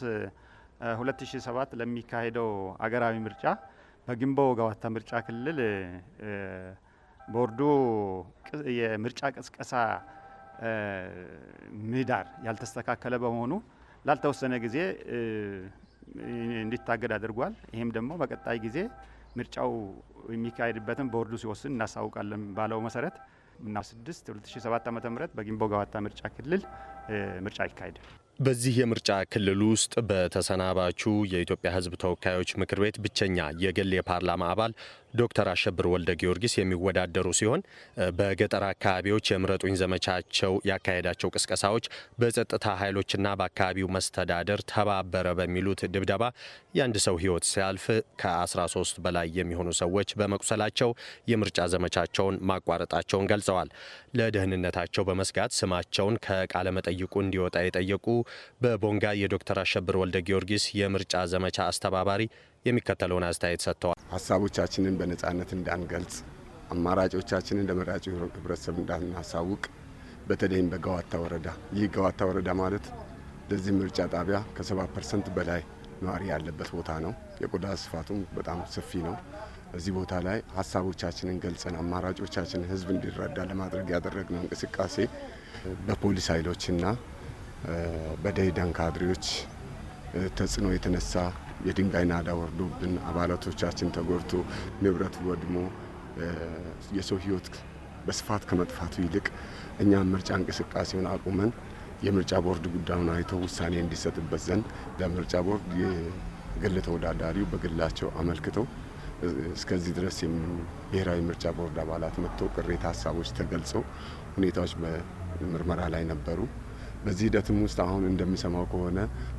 2007 ለሚካሄደው አገራዊ ምርጫ በግንቦ ገዋታ ምርጫ ክልል ቦርዱ የምርጫ ቅስቀሳ ምህዳር ያልተስተካከለ በመሆኑ ላልተወሰነ ጊዜ እንዲታገድ አድርጓል። ይህም ደግሞ በቀጣይ ጊዜ ምርጫው የሚካሄድበትን ቦርዱ ሲወስን እናሳውቃለን ባለው መሰረት እና 6 2007 ም በጊንቦ ገዋታ ምርጫ ክልል ምርጫ ይካሄዳል። በዚህ የምርጫ ክልል ውስጥ በተሰናባቹ የኢትዮጵያ ሕዝብ ተወካዮች ምክር ቤት ብቸኛ የግል የፓርላማ አባል ዶክተር አሸብር ወልደ ጊዮርጊስ የሚወዳደሩ ሲሆን በገጠር አካባቢዎች የምረጡኝ ዘመቻቸው ያካሄዳቸው ቅስቀሳዎች በጸጥታ ኃይሎችና በአካባቢው መስተዳደር ተባበረ በሚሉት ድብደባ የአንድ ሰው ሕይወት ሲያልፍ ከ13 በላይ የሚሆኑ ሰዎች በመቁሰላቸው የምርጫ ዘመቻቸውን ማቋረጣቸውን ገልጸዋል። ለደህንነታቸው በመስጋት ስማቸውን ከቃለመጠይቁ እንዲወጣ የጠየቁ በቦንጋ የዶክተር አሸብር ወልደ ጊዮርጊስ የምርጫ ዘመቻ አስተባባሪ የሚከተለውን አስተያየት ሰጥተዋል። ሀሳቦቻችንን በነጻነት እንዳንገልጽ፣ አማራጮቻችንን ለመራጩ ህብረተሰብ እንዳናሳውቅ፣ በተለይም በገዋታ ወረዳ ይህ ገዋታ ወረዳ ማለት ለዚህ ምርጫ ጣቢያ ከ70 ፐርሰንት በላይ ነዋሪ ያለበት ቦታ ነው። የቆዳ ስፋቱም በጣም ሰፊ ነው። እዚህ ቦታ ላይ ሀሳቦቻችንን ገልጸን አማራጮቻችን ህዝብ እንዲረዳ ለማድረግ ያደረግነው እንቅስቃሴ በፖሊስ ኃይሎችና በደኢህዴን ካድሬዎች ተጽዕኖ የተነሳ የድንጋይ ናዳ ወርዶብን አባላቶቻችን ተጎድቶ ንብረት ወድሞ የሰው ህይወት በስፋት ከመጥፋቱ ይልቅ እኛም ምርጫ እንቅስቃሴውን አቁመን የምርጫ ቦርድ ጉዳዩን አይቶ ውሳኔ እንዲሰጥበት ዘንድ ለምርጫ ቦርድ የግል ተወዳዳሪው በግላቸው አመልክተው እስከዚህ ድረስ ብሔራዊ ምርጫ ቦርድ አባላት መጥቶ ቅሬታ ሀሳቦች ተገልጸው ሁኔታዎች በምርመራ ላይ ነበሩ። በዚህ ሂደትም ውስጥ አሁን እንደሚሰማው ከሆነ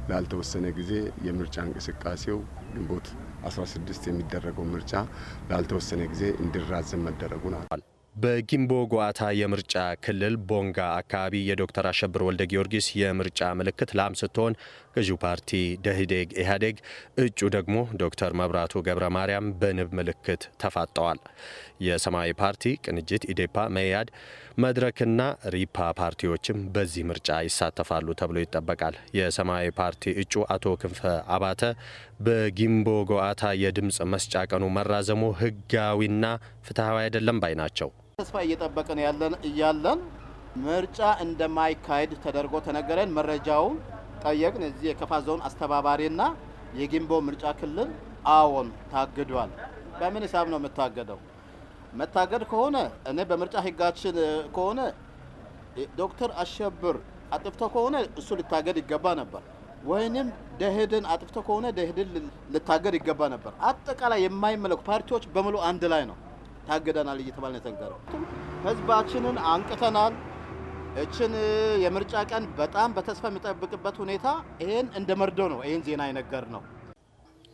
ላልተወሰነ ጊዜ የምርጫ እንቅስቃሴው ግንቦት 16 የሚደረገው ምርጫ ላልተወሰነ ጊዜ እንዲራዘም መደረጉን አል በጊምቦ ጓታ የምርጫ ክልል ቦንጋ አካባቢ የዶክተር አሸብር ወልደ ጊዮርጊስ የምርጫ ምልክት ላም ስትሆን ገዢው ፓርቲ ደህዴግ ኢህአዴግ እጩ ደግሞ ዶክተር መብራቱ ገብረ ማርያም በንብ ምልክት ተፋጠዋል። የሰማያዊ ፓርቲ፣ ቅንጅት፣ ኢዴፓ፣ መያድ መድረክና ሪፓ ፓርቲዎችም በዚህ ምርጫ ይሳተፋሉ ተብሎ ይጠበቃል። የሰማያዊ ፓርቲ እጩ አቶ ክንፈ አባተ በጊምቦ ጎአታ የድምፅ መስጫ ቀኑ መራዘሙ ህጋዊና ፍትሐዊ አይደለም ባይ ናቸው። ተስፋ እየጠበቅን ያለን እያለን ምርጫ እንደማይካሄድ ተደርጎ ተነገረን መረጃውን ጠየቅን። እዚህ የከፋ ዞን አስተባባሪና የጊንቦ ምርጫ ክልል አዎን ታግዷል። በምን ሂሳብ ነው የምታገደው? መታገድ ከሆነ እኔ በምርጫ ህጋችን ከሆነ ዶክተር አሸብር አጥፍቶ ከሆነ እሱ ልታገድ ይገባ ነበር፣ ወይንም ደህድን አጥፍቶ ከሆነ ደህድን ልታገድ ይገባ ነበር። አጠቃላይ የማይመለኩ ፓርቲዎች በሙሉ አንድ ላይ ነው ታግደናል እየተባለ ነው የተነገረው። ህዝባችንን አንቅተናል። እችን የምርጫ ቀን በጣም በተስፋ የሚጠብቅበት ሁኔታ ይህን እንደ መርዶ ነው። ይህን ዜና የነገር ነው።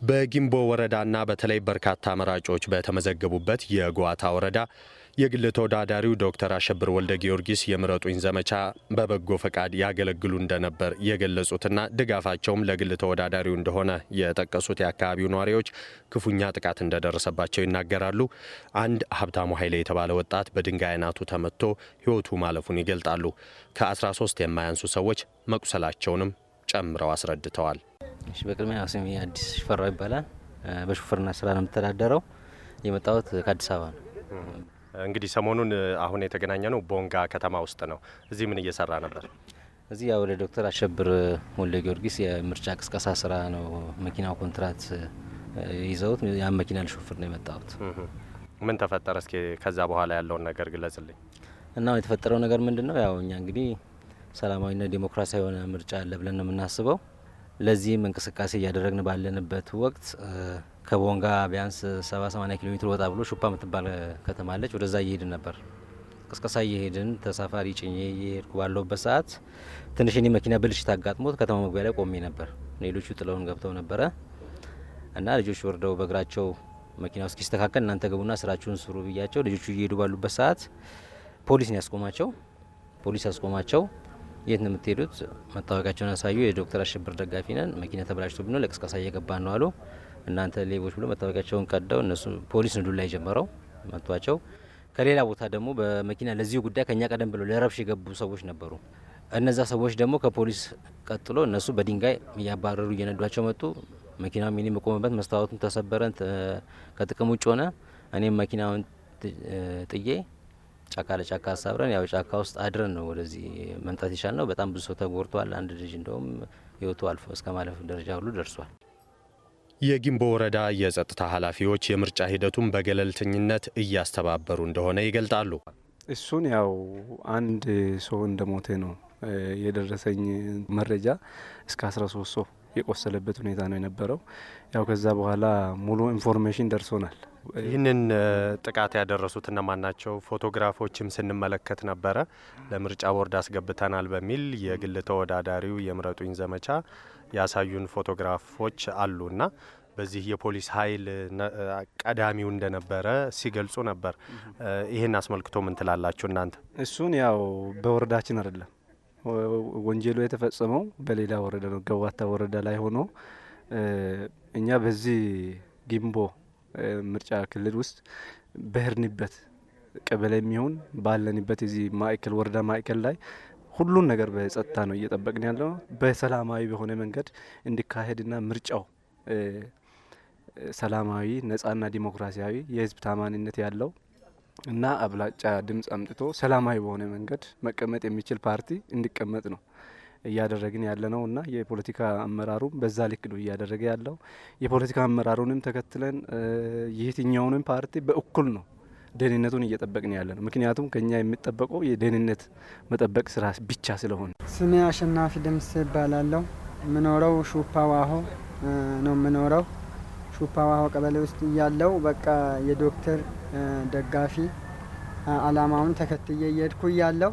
በጊምቦ ወረዳና በተለይ በርካታ መራጮች በተመዘገቡበት የጓታ ወረዳ የግል ተወዳዳሪው ዶክተር አሸብር ወልደ ጊዮርጊስ የምረጡኝ ዘመቻ በበጎ ፈቃድ ያገለግሉ እንደነበር የገለጹትና ድጋፋቸውም ለግል ተወዳዳሪው እንደሆነ የጠቀሱት የአካባቢው ነዋሪዎች ክፉኛ ጥቃት እንደደረሰባቸው ይናገራሉ። አንድ ሀብታሙ ኃይሌ የተባለ ወጣት በድንጋይ አናቱ ተመትቶ ሕይወቱ ማለፉን ይገልጣሉ። ከ13 የማያንሱ ሰዎች መቁሰላቸውንም ጨምረው አስረድተዋል። እሺ በቅድሚያ ስሜ አዲስ ሽፈራው ይባላል። በሹፍርና ስራ ነው የምተዳደረው። የመጣሁት ከአዲስ አበባ ነው። እንግዲህ ሰሞኑን አሁን የተገናኘ ነው ቦንጋ ከተማ ውስጥ ነው። እዚህ ምን እየሰራ ነበር? እዚህ ያው ለዶክተር አሸብር ወልደ ጊዮርጊስ የምርጫ ቅስቀሳ ስራ ነው። መኪናው ኮንትራት ይዘውት ያን መኪና ልሾፍር ነው የመጣሁት። ምን ተፈጠረ? እስኪ ከዛ በኋላ ያለውን ነገር ግለጽልኝ። እና የተፈጠረው ነገር ምንድን ነው? ያው እኛ እንግዲህ ሰላማዊና ዴሞክራሲያዊ የሆነ ምርጫ አለ ብለን ነው የምናስበው። ለዚህም እንቅስቃሴ እያደረግን ባለንበት ወቅት ከቦንጋ ቢያንስ 78 ኪሎ ሜትር ወጣ ብሎ ሹፓ የምትባል ከተማ አለች። ወደዛ እየሄድን ነበር። ቅስቀሳ እየሄድን ተሳፋሪ ጭኜ እየሄድኩ ባለሁበት ሰዓት ትንሽ እኔ መኪና ብልሽት አጋጥሞት ከተማ መግቢያ ላይ ቆሜ ነበር። ሌሎቹ ጥለውን ገብተው ነበረ እና ልጆች ወርደው በእግራቸው መኪና ውስጥ እስኪስተካከል እናንተ ገቡና ስራችሁን ስሩ ብያቸው ልጆቹ እየሄዱ ባሉበት ሰዓት ፖሊስ ያስቆማቸው። ፖሊስ ያስቆማቸው የት ነው የምትሄዱት? መታወቂያቸውን ያሳዩ። የዶክተር አሸብር ደጋፊ ነን፣ መኪና ተበላሽቶ ነው ለቅስቀሳ እየገባን ነው አሉ። እናንተ ሌቦች ብሎ መታወቂያቸውን ቀደው እነሱ ፖሊስ ንዱ ላይ ጀመረው መቷቸው። ከሌላ ቦታ ደግሞ በመኪና ለዚሁ ጉዳይ ከኛ ቀደም ብሎ ለረብሽ የገቡ ሰዎች ነበሩ። እነዛ ሰዎች ደግሞ ከፖሊስ ቀጥሎ እነሱ በድንጋይ እያባረሩ እየነዷቸው መጡ። መኪናው ሚኒ መቆምበት መስታወቱን ተሰበረን ከጥቅም ውጭ ሆነ። እኔም መኪናውን ጥዬ ጫካ ለጫካ አሳብረን ያው ጫካ ውስጥ አድረን ነው ወደዚህ መምጣት የቻል ነው። በጣም ብዙ ሰው ተጎድቷል። አንድ ልጅ እንደውም ህይወቱ አልፎ እስከ ማለፍ ደረጃ ሁሉ ደርሷል። የጊምቦ ወረዳ የጸጥታ ኃላፊዎች የምርጫ ሂደቱን በገለልተኝነት እያስተባበሩ እንደሆነ ይገልጣሉ። እሱን ያው አንድ ሰው እንደ ሞቴ ነው የደረሰኝ መረጃ። እስከ 13 ሰው የቆሰለበት ሁኔታ ነው የነበረው። ያው ከዛ በኋላ ሙሉ ኢንፎርሜሽን ደርሶናል። ይህንን ጥቃት ያደረሱት እነማን ናቸው? ፎቶግራፎችም ስንመለከት ነበረ። ለምርጫ ቦርድ አስገብተናል በሚል የግል ተወዳዳሪው የምረጡኝ ዘመቻ ያሳዩን ፎቶግራፎች እና በዚህ የፖሊስ ኃይል ቀዳሚው እንደነበረ ሲገልጹ ነበር። ይህን አስመልክቶ ምን ትላላችሁ እናንተ? እሱን ያው በወረዳችን አይደለም ወንጀሉ የተፈጸመው በሌላ ወረዳ ነው። ገዋታ ወረዳ ላይ ሆኖ እኛ በዚህ ጊምቦ ምርጫ ክልል ውስጥ በህርንበት ቀበሌ የሚሆን ባለንበት የዚህ ማዕከል ወረዳ ማዕከል ላይ ሁሉን ነገር በጸጥታ ነው እየጠበቅን ያለው። በሰላማዊ በሆነ መንገድ እንዲካሄድና ምርጫው ሰላማዊ፣ ነጻና ዲሞክራሲያዊ የህዝብ ታማኒነት ያለው እና አብላጫ ድምፅ አምጥቶ ሰላማዊ በሆነ መንገድ መቀመጥ የሚችል ፓርቲ እንዲቀመጥ ነው እያደረግን ያለ ነው እና የፖለቲካ አመራሩም በዛ ልክ ነው እያደረገ ያለው። የፖለቲካ አመራሩንም ተከትለን የትኛውንም ፓርቲ በእኩል ነው ደህንነቱን እየጠበቅን ያለ ነው። ምክንያቱም ከኛ የሚጠበቀው የደህንነት መጠበቅ ስራ ብቻ ስለሆነ። ስሜ አሸናፊ ድምስ ይባላለሁ። ምኖረው ሹፓ ዋሆ ነው ምኖረው ሹፓ ዋሆ ቀበሌ ውስጥ እያለው በቃ የዶክተር ደጋፊ አላማውን ተከትዬ እየሄድኩ እያለው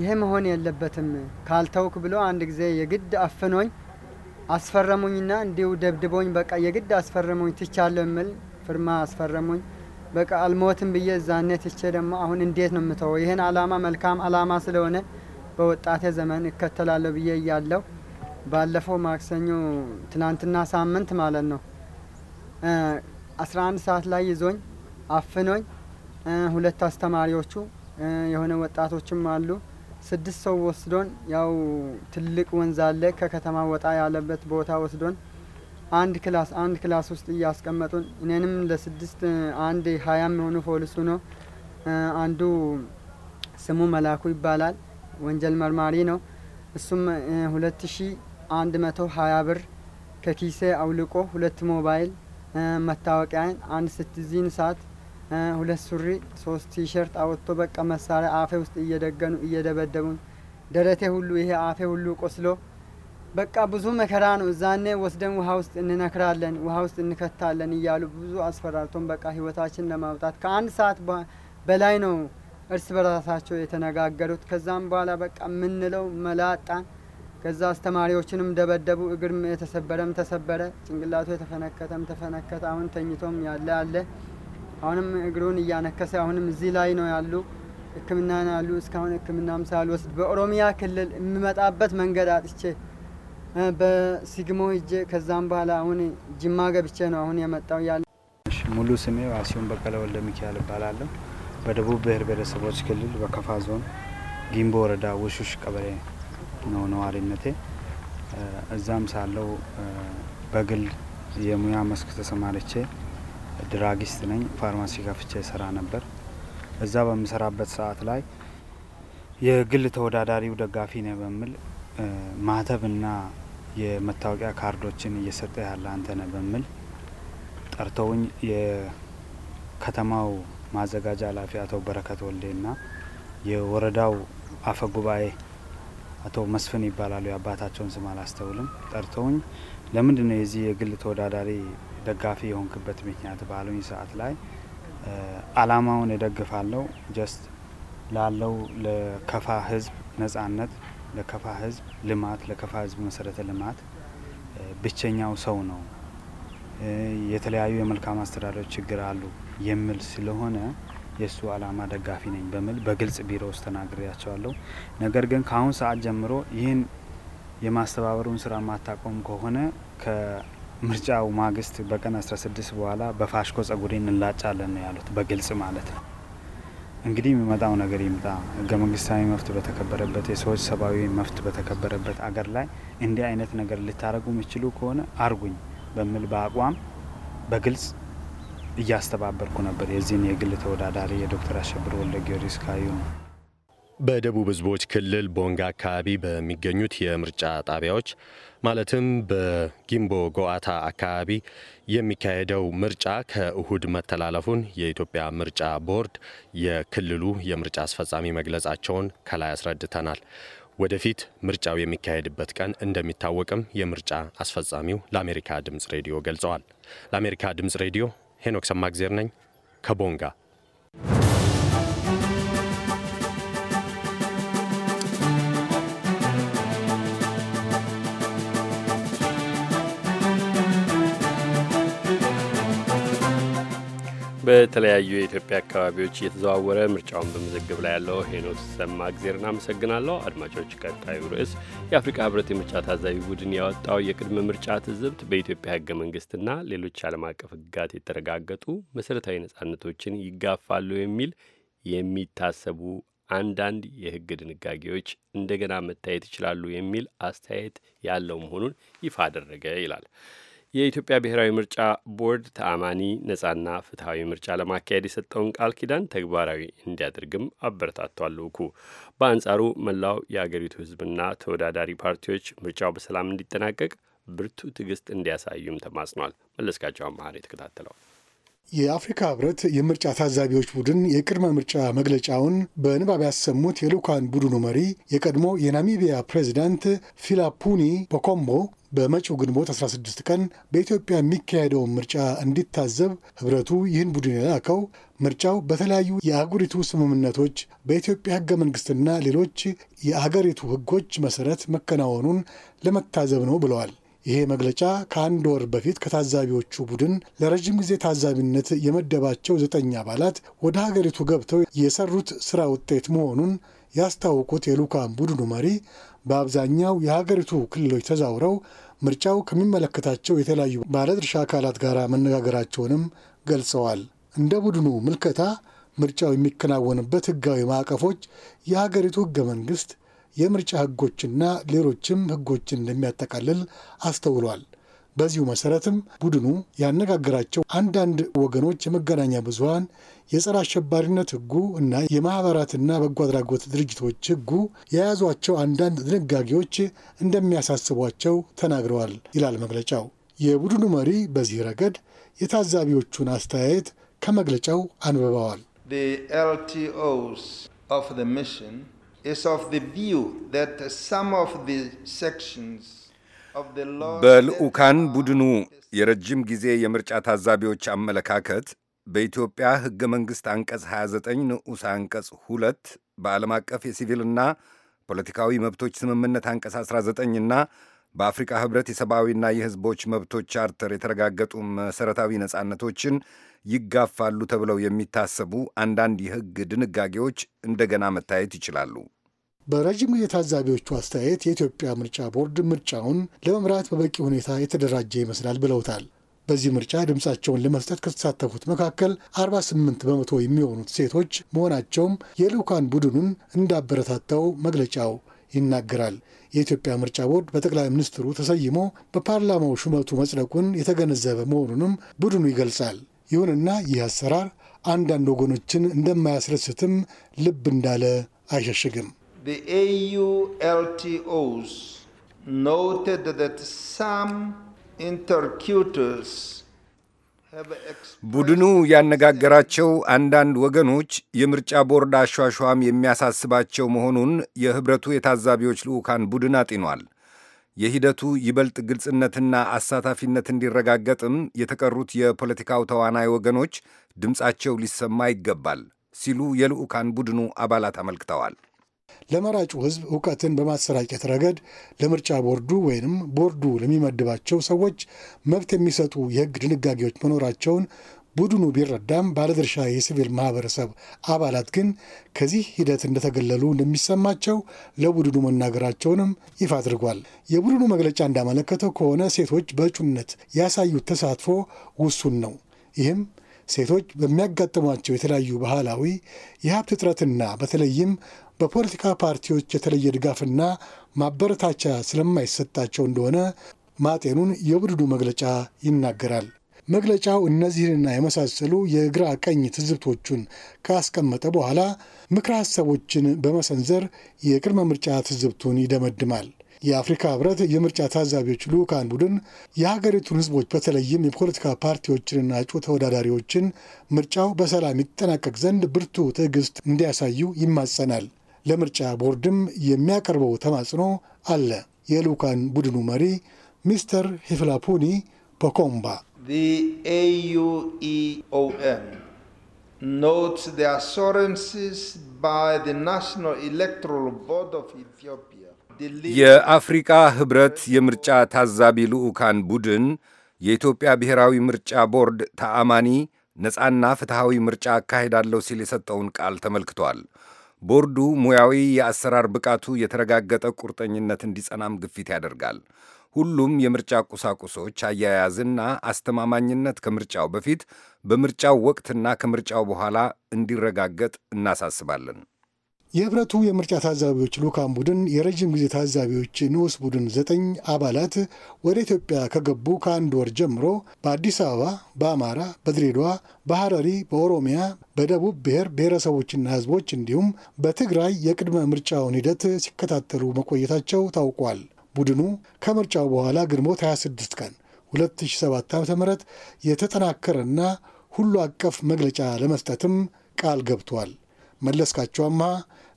ይሄ መሆን የለበትም ካልተውክ ብሎ አንድ ጊዜ የግድ አፍኖኝ አስፈረሙኝና እንዲሁ ደብድቦኝ በቃ የግድ አስፈረሙኝ። ትቻለሁ የሚል ፍርማ አስፈረሙኝ። በቃ አልሞትም ብዬ እዛኔ ትቼ ደግሞ አሁን እንዴት ነው የምተወው? ይህን አላማ መልካም አላማ ስለሆነ በወጣቴ ዘመን እከተላለሁ ብዬ እያለው ባለፈው ማክሰኞ ትናንትና ሳምንት ማለት ነው አስራ ሰዓት ላይ ይዞኝ አፍኖኝ ሁለት አስተማሪዎቹ የሆነ ወጣቶችም አሉ ስድስት ሰው ወስዶን ያው ትልቅ ወንዝ አለ ከከተማ ወጣ ያለበት ቦታ ወስዶን አንድ ክላስ አንድ ክላስ ውስጥ እያስቀመጡን እኔንም ለስድስት አንድ ሀያም የሆኑ ፖሊሱ ነው። አንዱ ስሙ መላኩ ይባላል። ወንጀል መርማሪ ነው። እሱም ሁለት ሺ አንድ መቶ ሀያ ብር ከኪሴ አውልቆ ሁለት ሞባይል መታወቂያን አንድ ስትዚን ሰዓት ሁለት ሱሪ ሶስት ቲሸርት አወጥቶ በቃ መሳሪያ አፌ ውስጥ እየደገኑ እየደበደቡን ደረቴ ሁሉ ይሄ አፌ ሁሉ ቆስሎ በቃ ብዙ መከራ ነው። እዛኔ ወስደን ውሃ ውስጥ እንነክራለን፣ ውሃ ውስጥ እንከታለን እያሉ ብዙ አስፈራርቶን በቃ ህይወታችን ለማውጣት ከአንድ ሰዓት በላይ ነው እርስ በራሳቸው የተነጋገሩት። ከዛም በኋላ በቃ የምንለው መላጣን። ከዛ አስተማሪዎችንም ደበደቡ። እግር የተሰበረም ተሰበረ፣ ጭንቅላቱ የተፈነከተም ተፈነከተ። አሁን ተኝቶም ያለ አለ። አሁንም እግሩን እያነከሰ አሁንም እዚህ ላይ ነው ያሉ ሕክምና ያሉ እስካሁን ህክምናም ሳልወስድ በኦሮሚያ ክልል የሚመጣበት መንገድ አጥቼ በሲግሞ ሂጄ ከዛም በኋላ አሁን ጅማ ገብቼ ነው አሁን የመጣው ያለ። ሙሉ ስሜ ዋሲሁን በቀለ ወልደ ሚካኤል እባላለሁ። በደቡብ ብሔር ብሔረሰቦች ክልል በከፋ ዞን ጊምቦ ወረዳ ውሹሽ ቀበሌ ነው ነዋሪነቴ። እዛም ሳለው በግል የሙያ መስክ ተሰማርቼ ድራጊስት ነኝ። ፋርማሲ ከፍቼ ስራ ነበር። እዛ በምሰራበት ሰዓት ላይ የግል ተወዳዳሪው ደጋፊ ነው በሚል ማተብና የመታወቂያ ካርዶችን እየሰጠ ያለ አንተ ነህ በሚል ጠርተውኝ የከተማው ማዘጋጃ ኃላፊ አቶ በረከት ወልዴና የወረዳው አፈ ጉባኤ አቶ መስፍን ይባላሉ። የአባታቸውን ስም አላስተውልም። ጠርተውኝ ለምንድን ነው የዚህ የግል ተወዳዳሪ ደጋፊ የሆንክበት ምክንያት ባሉኝ ሰዓት ላይ አላማውን እደግፋለሁ ጀስት ላለው ለከፋ ህዝብ ነጻነት ለከፋ ህዝብ ልማት ለከፋ ህዝብ መሰረተ ልማት ብቸኛው ሰው ነው። የተለያዩ የመልካም አስተዳደሮች ችግር አሉ የሚል ስለሆነ የእሱ አላማ ደጋፊ ነኝ በሚል በግልጽ ቢሮ ውስጥ ተናግሬያቸዋለሁ። ነገር ግን ከአሁን ሰዓት ጀምሮ ይህን የማስተባበሩን ስራ ማታቆም ከሆነ ከምርጫው ማግስት በቀን 16 በኋላ በፋሽኮ ጸጉሬ እንላጫለን ነው ያሉት፣ በግልጽ ማለት ነው። እንግዲህ የሚመጣው ነገር ይምጣ። ህገ መንግስታዊ መፍት በተከበረበት የሰዎች ሰብአዊ መፍት በተከበረበት አገር ላይ እንዲህ አይነት ነገር ልታደረጉ የሚችሉ ከሆነ አርጉኝ በሚል በአቋም በግልጽ እያስተባበርኩ ነበር። የዚህን የግል ተወዳዳሪ የዶክተር አሸብር ወልደ ጊዮርጊስ ካዩ ነው። በደቡብ ህዝቦች ክልል ቦንጋ አካባቢ በሚገኙት የምርጫ ጣቢያዎች ማለትም በጊምቦ ጎአታ አካባቢ የሚካሄደው ምርጫ ከእሁድ መተላለፉን የኢትዮጵያ ምርጫ ቦርድ የክልሉ የምርጫ አስፈጻሚ መግለጻቸውን ከላይ አስረድተናል። ወደፊት ምርጫው የሚካሄድበት ቀን እንደሚታወቅም የምርጫ አስፈጻሚው ለአሜሪካ ድምፅ ሬዲዮ ገልጸዋል። ለአሜሪካ ድምፅ ሬዲዮ ሄኖክ ሰማግዜር ነኝ ከቦንጋ በተለያዩ የኢትዮጵያ አካባቢዎች እየተዘዋወረ ምርጫውን በመዘገብ ላይ ያለው ሄኖት ሰማ ጊዜርን አመሰግናለሁ። አድማጮች፣ ቀጣዩ ርዕስ የአፍሪካ ህብረት የምርጫ ታዛቢ ቡድን ያወጣው የቅድመ ምርጫ ትዝብት በኢትዮጵያ ህገ መንግስትና ሌሎች ዓለም አቀፍ ህግጋት የተረጋገጡ መሠረታዊ ነጻነቶችን ይጋፋሉ የሚል የሚታሰቡ አንዳንድ የህግ ድንጋጌዎች እንደገና መታየት ይችላሉ የሚል አስተያየት ያለው መሆኑን ይፋ አደረገ ይላል። የኢትዮጵያ ብሔራዊ ምርጫ ቦርድ ተአማኒ ነጻና ፍትሐዊ ምርጫ ለማካሄድ የሰጠውን ቃል ኪዳን ተግባራዊ እንዲያደርግም አበረታቷል። ልዑኩ በአንጻሩ መላው የአገሪቱ ሕዝብና ተወዳዳሪ ፓርቲዎች ምርጫው በሰላም እንዲጠናቀቅ ብርቱ ትዕግስት እንዲያሳዩም ተማጽኗል። መለስካቸው አመሀር የተከታተለው የአፍሪካ ህብረት የምርጫ ታዛቢዎች ቡድን የቅድመ ምርጫ መግለጫውን በንባብ ያሰሙት የልዑካን ቡድኑ መሪ የቀድሞ የናሚቢያ ፕሬዚዳንት ፊላፑኒ ፖኮምቦ በመጪው ግንቦት 16 ቀን በኢትዮጵያ የሚካሄደውን ምርጫ እንዲታዘብ ህብረቱ ይህን ቡድን የላከው ምርጫው በተለያዩ የአህጉሪቱ ስምምነቶች በኢትዮጵያ ህገ መንግስትና ሌሎች የአገሪቱ ህጎች መሰረት መከናወኑን ለመታዘብ ነው ብለዋል። ይሄ መግለጫ ከአንድ ወር በፊት ከታዛቢዎቹ ቡድን ለረዥም ጊዜ ታዛቢነት የመደባቸው ዘጠኝ አባላት ወደ ሀገሪቱ ገብተው የሰሩት ስራ ውጤት መሆኑን ያስታውቁት የልዑካን ቡድኑ መሪ በአብዛኛው የሀገሪቱ ክልሎች ተዛውረው ምርጫው ከሚመለከታቸው የተለያዩ ባለድርሻ አካላት ጋር መነጋገራቸውንም ገልጸዋል። እንደ ቡድኑ ምልከታ ምርጫው የሚከናወንበት ህጋዊ ማዕቀፎች የሀገሪቱ ህገ መንግስት የምርጫ ህጎችና ሌሎችም ህጎችን እንደሚያጠቃልል አስተውሏል። በዚሁ መሰረትም ቡድኑ ያነጋገራቸው አንዳንድ ወገኖች የመገናኛ ብዙሀን የጸረ አሸባሪነት ህጉ እና የማኅበራትና በጎ አድራጎት ድርጅቶች ህጉ የያዟቸው አንዳንድ ድንጋጌዎች እንደሚያሳስቧቸው ተናግረዋል ይላል መግለጫው። የቡድኑ መሪ በዚህ ረገድ የታዛቢዎቹን አስተያየት ከመግለጫው አንብበዋል። በልዑካን ቡድኑ የረጅም ጊዜ የምርጫ ታዛቢዎች አመለካከት በኢትዮጵያ ሕገ መንግሥት አንቀጽ 29 ንዑስ አንቀጽ 2 በዓለም አቀፍ የሲቪልና ፖለቲካዊ መብቶች ስምምነት አንቀጽ 19ና በአፍሪካ ኅብረት የሰብአዊና የሕዝቦች መብቶች ቻርተር የተረጋገጡ መሠረታዊ ነጻነቶችን ይጋፋሉ ተብለው የሚታሰቡ አንዳንድ የሕግ ድንጋጌዎች እንደገና መታየት ይችላሉ። በረዥሙ የታዛቢዎቹ አስተያየት የኢትዮጵያ ምርጫ ቦርድ ምርጫውን ለመምራት በበቂ ሁኔታ የተደራጀ ይመስላል ብለውታል። በዚህ ምርጫ ድምፃቸውን ለመስጠት ከተሳተፉት መካከል 48 በመቶ የሚሆኑት ሴቶች መሆናቸውም የልዑካን ቡድኑን እንዳበረታታው መግለጫው ይናገራል። የኢትዮጵያ ምርጫ ቦርድ በጠቅላይ ሚኒስትሩ ተሰይሞ በፓርላማው ሹመቱ መጽደቁን የተገነዘበ መሆኑንም ቡድኑ ይገልጻል። ይሁንና ይህ አሰራር አንዳንድ ወገኖችን እንደማያስደስትም ልብ እንዳለ አይሸሽግም። ቡድኑ ያነጋገራቸው አንዳንድ ወገኖች የምርጫ ቦርድ አሿሿም የሚያሳስባቸው መሆኑን የኅብረቱ የታዛቢዎች ልዑካን ቡድን አጢኗል። የሂደቱ ይበልጥ ግልጽነትና አሳታፊነት እንዲረጋገጥም የተቀሩት የፖለቲካው ተዋናይ ወገኖች ድምፃቸው ሊሰማ ይገባል ሲሉ የልዑካን ቡድኑ አባላት አመልክተዋል። ለመራጩ ሕዝብ እውቀትን በማሰራጨት ረገድ ለምርጫ ቦርዱ ወይንም ቦርዱ ለሚመድባቸው ሰዎች መብት የሚሰጡ የሕግ ድንጋጌዎች መኖራቸውን ቡድኑ ቢረዳም ባለድርሻ የሲቪል ማህበረሰብ አባላት ግን ከዚህ ሂደት እንደተገለሉ እንደሚሰማቸው ለቡድኑ መናገራቸውንም ይፋ አድርጓል። የቡድኑ መግለጫ እንዳመለከተው ከሆነ ሴቶች በእጩነት ያሳዩት ተሳትፎ ውሱን ነው። ይህም ሴቶች በሚያጋጥሟቸው የተለያዩ ባህላዊ የሀብት እጥረትና በተለይም በፖለቲካ ፓርቲዎች የተለየ ድጋፍና ማበረታቻ ስለማይሰጣቸው እንደሆነ ማጤኑን የቡድኑ መግለጫ ይናገራል። መግለጫው እነዚህንና የመሳሰሉ የግራ ቀኝ ትዝብቶቹን ካስቀመጠ በኋላ ምክረ ሀሳቦችን በመሰንዘር የቅድመ ምርጫ ትዝብቱን ይደመድማል። የአፍሪካ ህብረት የምርጫ ታዛቢዎች ልዑካን ቡድን የሀገሪቱን ህዝቦች በተለይም የፖለቲካ ፓርቲዎችንና እጩ ተወዳዳሪዎችን ምርጫው በሰላም ይጠናቀቅ ዘንድ ብርቱ ትዕግስት እንዲያሳዩ ይማጸናል። ለምርጫ ቦርድም የሚያቀርበው ተማጽኖ አለ። የልዑካን ቡድኑ መሪ ሚስተር ሂፍላፑኒ ፖኮምባ the AUEOM notes the assurances by the National Electoral Board of Ethiopia. የአፍሪካ ህብረት የምርጫ ታዛቢ ልዑካን ቡድን የኢትዮጵያ ብሔራዊ ምርጫ ቦርድ ተአማኒ ነፃና ፍትሐዊ ምርጫ አካሄዳለሁ ሲል የሰጠውን ቃል ተመልክቷል። ቦርዱ ሙያዊ የአሰራር ብቃቱ የተረጋገጠ ቁርጠኝነት እንዲጸናም ግፊት ያደርጋል። ሁሉም የምርጫ ቁሳቁሶች አያያዝና አስተማማኝነት ከምርጫው በፊት በምርጫው ወቅትና ከምርጫው በኋላ እንዲረጋገጥ እናሳስባለን። የህብረቱ የምርጫ ታዛቢዎች ልዑካን ቡድን የረዥም ጊዜ ታዛቢዎች ንዑስ ቡድን ዘጠኝ አባላት ወደ ኢትዮጵያ ከገቡ ከአንድ ወር ጀምሮ በአዲስ አበባ፣ በአማራ፣ በድሬዳዋ፣ በሐረሪ፣ በኦሮሚያ፣ በደቡብ ብሔር ብሔረሰቦችና ህዝቦች እንዲሁም በትግራይ የቅድመ ምርጫውን ሂደት ሲከታተሉ መቆየታቸው ታውቋል። ቡድኑ ከምርጫው በኋላ ግንቦት 26 ቀን 2007 ዓ ም የተጠናከረና ሁሉ አቀፍ መግለጫ ለመስጠትም ቃል ገብቷል። መለስካቸው አምሃ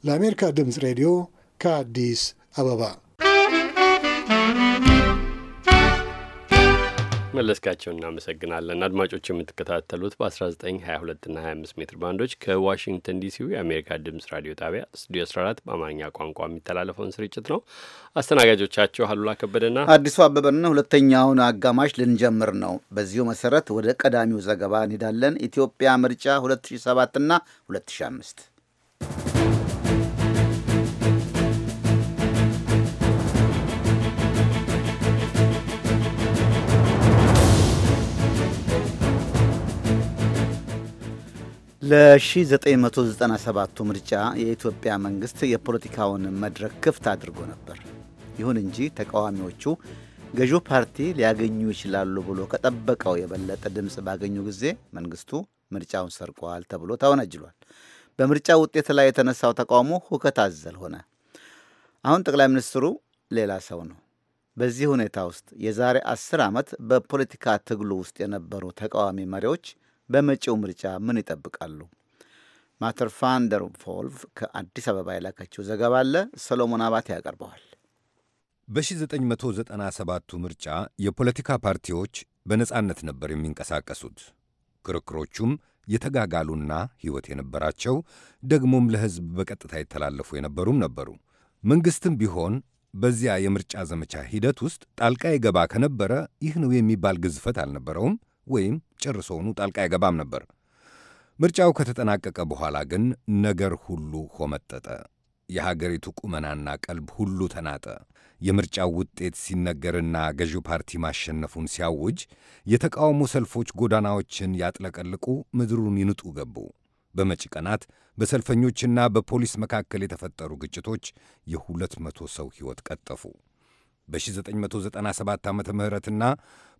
ለአሜሪካ ድምፅ ሬዲዮ ከአዲስ አበባ መለስካቸው እናመሰግናለን። አድማጮች የምትከታተሉት በ1922 እና 25 ሜትር ባንዶች ከዋሽንግተን ዲሲው የአሜሪካ ድምፅ ራዲዮ ጣቢያ ስቱዲዮ 14 በአማርኛ ቋንቋ የሚተላለፈውን ስርጭት ነው። አስተናጋጆቻቸው አሉላ ከበደና አዲሱ አበበና ሁለተኛውን አጋማሽ ልንጀምር ነው። በዚሁ መሰረት ወደ ቀዳሚው ዘገባ እንሄዳለን። ኢትዮጵያ ምርጫ 2007 እና 2005 ለ1997ቱ ምርጫ የኢትዮጵያ መንግስት የፖለቲካውን መድረክ ክፍት አድርጎ ነበር። ይሁን እንጂ ተቃዋሚዎቹ ገዢው ፓርቲ ሊያገኙ ይችላሉ ብሎ ከጠበቀው የበለጠ ድምፅ ባገኙ ጊዜ መንግስቱ ምርጫውን ሰርቋል ተብሎ ተወነጅሏል። በምርጫ ውጤት ላይ የተነሳው ተቃውሞ ሁከት አዘል ሆነ። አሁን ጠቅላይ ሚኒስትሩ ሌላ ሰው ነው። በዚህ ሁኔታ ውስጥ የዛሬ አስር ዓመት በፖለቲካ ትግሉ ውስጥ የነበሩ ተቃዋሚ መሪዎች በመጪው ምርጫ ምን ይጠብቃሉ? ማተር ፋንደር ቮልቭ ከአዲስ አበባ የላከችው ዘገባ አለ። ሰሎሞን አባቴ ያቀርበዋል። በ1997ቱ ምርጫ የፖለቲካ ፓርቲዎች በነጻነት ነበር የሚንቀሳቀሱት። ክርክሮቹም የተጋጋሉና ሕይወት የነበራቸው ደግሞም ለሕዝብ በቀጥታ የተላለፉ የነበሩም ነበሩ። መንግሥትም ቢሆን በዚያ የምርጫ ዘመቻ ሂደት ውስጥ ጣልቃ ይገባ ከነበረ ይህ ነው የሚባል ግዝፈት አልነበረውም። ወይም ጨርሶውኑ ጣልቃ አይገባም ነበር። ምርጫው ከተጠናቀቀ በኋላ ግን ነገር ሁሉ ሆመጠጠ። የሀገሪቱ ቁመናና ቀልብ ሁሉ ተናጠ። የምርጫው ውጤት ሲነገርና ገዢው ፓርቲ ማሸነፉን ሲያውጅ የተቃውሞ ሰልፎች ጎዳናዎችን ያጥለቀልቁ፣ ምድሩን ይንጡ ገቡ። በመጪ ቀናት በሰልፈኞችና በፖሊስ መካከል የተፈጠሩ ግጭቶች የሁለት መቶ ሰው ሕይወት ቀጠፉ። በ1997 ዓ ምና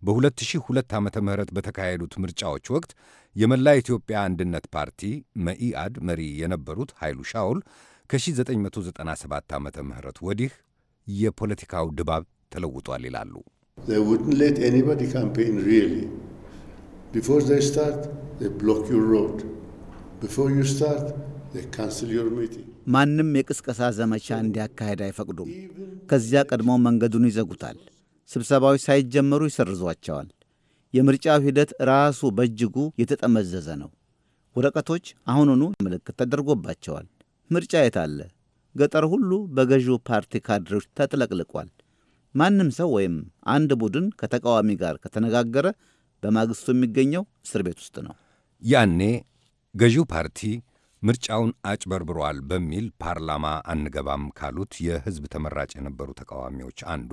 በ2002 ዓ ም በተካሄዱት ምርጫዎች ወቅት የመላ ኢትዮጵያ አንድነት ፓርቲ መኢአድ መሪ የነበሩት ኃይሉ ሻውል ከ1997 ዓ ም ወዲህ የፖለቲካው ድባብ ተለውጧል ይላሉ። ቢፎር ዩ ስታርት ካንስል ዮር ሚቲንግ ማንም የቅስቀሳ ዘመቻ እንዲያካሄድ አይፈቅዱም። ከዚያ ቀድሞ መንገዱን ይዘጉታል። ስብሰባዎች ሳይጀመሩ ይሰርዟቸዋል። የምርጫው ሂደት ራሱ በእጅጉ የተጠመዘዘ ነው። ወረቀቶች አሁኑኑ ምልክት ተደርጎባቸዋል። ምርጫ የት አለ? ገጠር ሁሉ በገዢው ፓርቲ ካድሬዎች ተጥለቅልቋል። ማንም ሰው ወይም አንድ ቡድን ከተቃዋሚ ጋር ከተነጋገረ በማግስቱ የሚገኘው እስር ቤት ውስጥ ነው። ያኔ ገዢው ፓርቲ ምርጫውን አጭበርብሯል በሚል ፓርላማ አንገባም ካሉት የሕዝብ ተመራጭ የነበሩ ተቃዋሚዎች አንዱ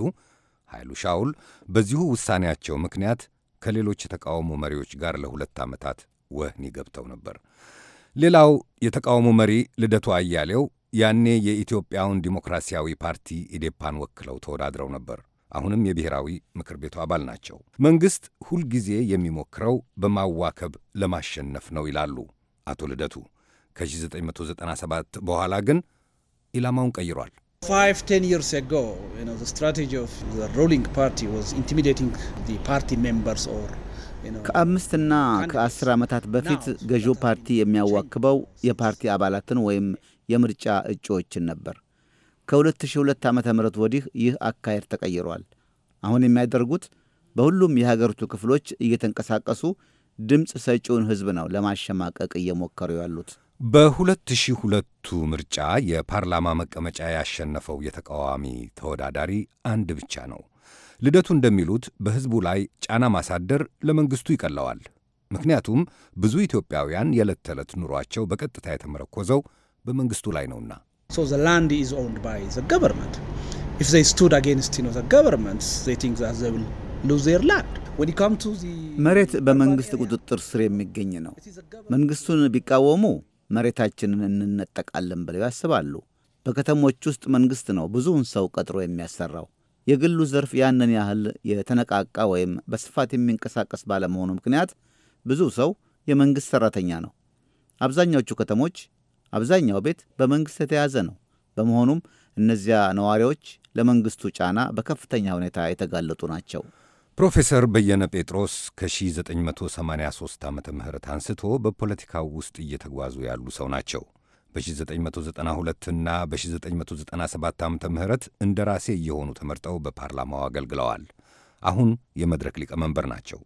ኃይሉ ሻውል በዚሁ ውሳኔያቸው ምክንያት ከሌሎች የተቃውሞ መሪዎች ጋር ለሁለት ዓመታት ወህኒ ገብተው ነበር። ሌላው የተቃውሞ መሪ ልደቱ አያሌው ያኔ የኢትዮጵያውን ዲሞክራሲያዊ ፓርቲ ኢዴፓን ወክለው ተወዳድረው ነበር። አሁንም የብሔራዊ ምክር ቤቱ አባል ናቸው። መንግሥት ሁልጊዜ የሚሞክረው በማዋከብ ለማሸነፍ ነው ይላሉ አቶ ልደቱ። ከ1997 በኋላ ግን ኢላማውን ቀይሯል። ከአምስትና ከአስር ዓመታት በፊት ገዢው uh, ፓርቲ የሚያዋክበው የፓርቲ አባላትን ወይም የምርጫ እጩዎችን ነበር። ከ2002 ዓ ም ወዲህ ይህ አካሄድ ተቀይሯል። አሁን የሚያደርጉት በሁሉም የሀገሪቱ ክፍሎች እየተንቀሳቀሱ ድምፅ ሰጪውን ሕዝብ ነው ለማሸማቀቅ እየሞከሩ ያሉት። በ 2002 ምርጫ የፓርላማ መቀመጫ ያሸነፈው የተቃዋሚ ተወዳዳሪ አንድ ብቻ ነው። ልደቱ እንደሚሉት በሕዝቡ ላይ ጫና ማሳደር ለመንግሥቱ ይቀለዋል። ምክንያቱም ብዙ ኢትዮጵያውያን የዕለት ተዕለት ኑሯቸው በቀጥታ የተመረኮዘው በመንግሥቱ ላይ ነውና። መሬት በመንግሥት ቁጥጥር ስር የሚገኝ ነው። መንግሥቱን ቢቃወሙ መሬታችንን እንነጠቃለን ብለው ያስባሉ። በከተሞች ውስጥ መንግሥት ነው ብዙውን ሰው ቀጥሮ የሚያሰራው። የግሉ ዘርፍ ያንን ያህል የተነቃቃ ወይም በስፋት የሚንቀሳቀስ ባለመሆኑ ምክንያት ብዙ ሰው የመንግሥት ሠራተኛ ነው። አብዛኛዎቹ ከተሞች አብዛኛው ቤት በመንግሥት የተያዘ ነው። በመሆኑም እነዚያ ነዋሪዎች ለመንግሥቱ ጫና በከፍተኛ ሁኔታ የተጋለጡ ናቸው። ፕሮፌሰር በየነ ጴጥሮስ ከ1983 ዓመተ ምህረት አንስቶ በፖለቲካው ውስጥ እየተጓዙ ያሉ ሰው ናቸው። በ1992 እና በ1997 ም እንደ እንደራሴ እየሆኑ ተመርጠው በፓርላማው አገልግለዋል። አሁን የመድረክ ሊቀመንበር ናቸው።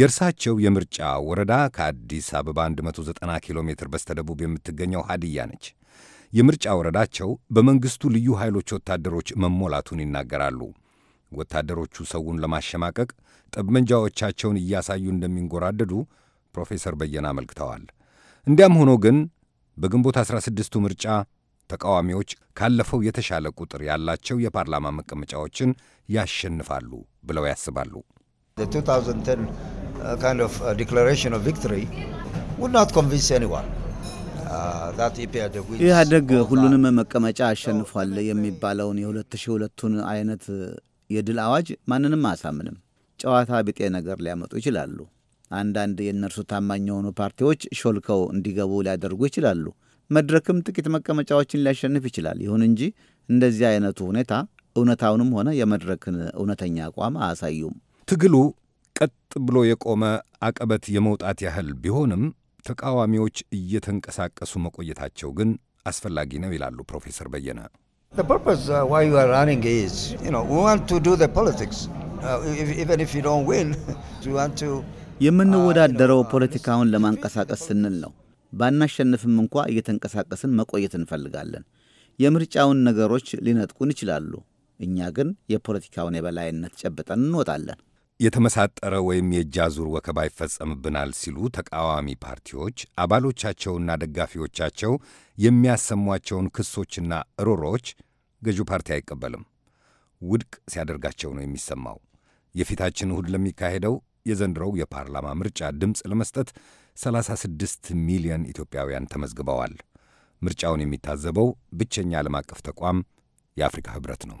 የእርሳቸው የምርጫ ወረዳ ከአዲስ አበባ 190 ኪሎ ሜትር በስተደቡብ የምትገኘው ሀዲያ ነች። የምርጫ ወረዳቸው በመንግሥቱ ልዩ ኃይሎች ወታደሮች መሞላቱን ይናገራሉ። ወታደሮቹ ሰውን ለማሸማቀቅ ጠመንጃዎቻቸውን እያሳዩ እንደሚንጎራደዱ ፕሮፌሰር በየነ አመልክተዋል። እንዲያም ሆኖ ግን በግንቦት 16ቱ ምርጫ ተቃዋሚዎች ካለፈው የተሻለ ቁጥር ያላቸው የፓርላማ መቀመጫዎችን ያሸንፋሉ ብለው ያስባሉ። uh, uh, uh, ኢህአደግ ሁሉንም መቀመጫ አሸንፏል የሚባለውን የ2002ቱን አይነት የድል አዋጅ ማንንም አያሳምንም። ጨዋታ ቢጤ ነገር ሊያመጡ ይችላሉ። አንዳንድ የእነርሱ ታማኝ የሆኑ ፓርቲዎች ሾልከው እንዲገቡ ሊያደርጉ ይችላሉ። መድረክም ጥቂት መቀመጫዎችን ሊያሸንፍ ይችላል። ይሁን እንጂ እንደዚህ አይነቱ ሁኔታ እውነታውንም ሆነ የመድረክን እውነተኛ አቋም አያሳዩም። ትግሉ ቀጥ ብሎ የቆመ አቀበት የመውጣት ያህል ቢሆንም ተቃዋሚዎች እየተንቀሳቀሱ መቆየታቸው ግን አስፈላጊ ነው ይላሉ ፕሮፌሰር በየነ። The purpose uh, why you are running is, you know, we want to do the politics. Uh, if, even if you don't win, we want to uh, የምንወዳደረው uh, ፖለቲካውን ለማንቀሳቀስ ስንል ነው። ባናሸንፍም እንኳ እየተንቀሳቀስን መቆየት እንፈልጋለን። የምርጫውን ነገሮች ሊነጥቁን ይችላሉ። እኛ ግን የፖለቲካውን የበላይነት ጨብጠን እንወጣለን። የተመሳጠረ ወይም የእጅ ዙር ወከባ ይፈጸምብናል ሲሉ ተቃዋሚ ፓርቲዎች አባሎቻቸውና ደጋፊዎቻቸው የሚያሰሟቸውን ክሶችና ሮሮዎች ገዢው ፓርቲ አይቀበልም፣ ውድቅ ሲያደርጋቸው ነው የሚሰማው። የፊታችን እሁድ ለሚካሄደው የዘንድሮው የፓርላማ ምርጫ ድምፅ ለመስጠት 36 ሚሊዮን ኢትዮጵያውያን ተመዝግበዋል። ምርጫውን የሚታዘበው ብቸኛ ዓለም አቀፍ ተቋም የአፍሪካ ኅብረት ነው።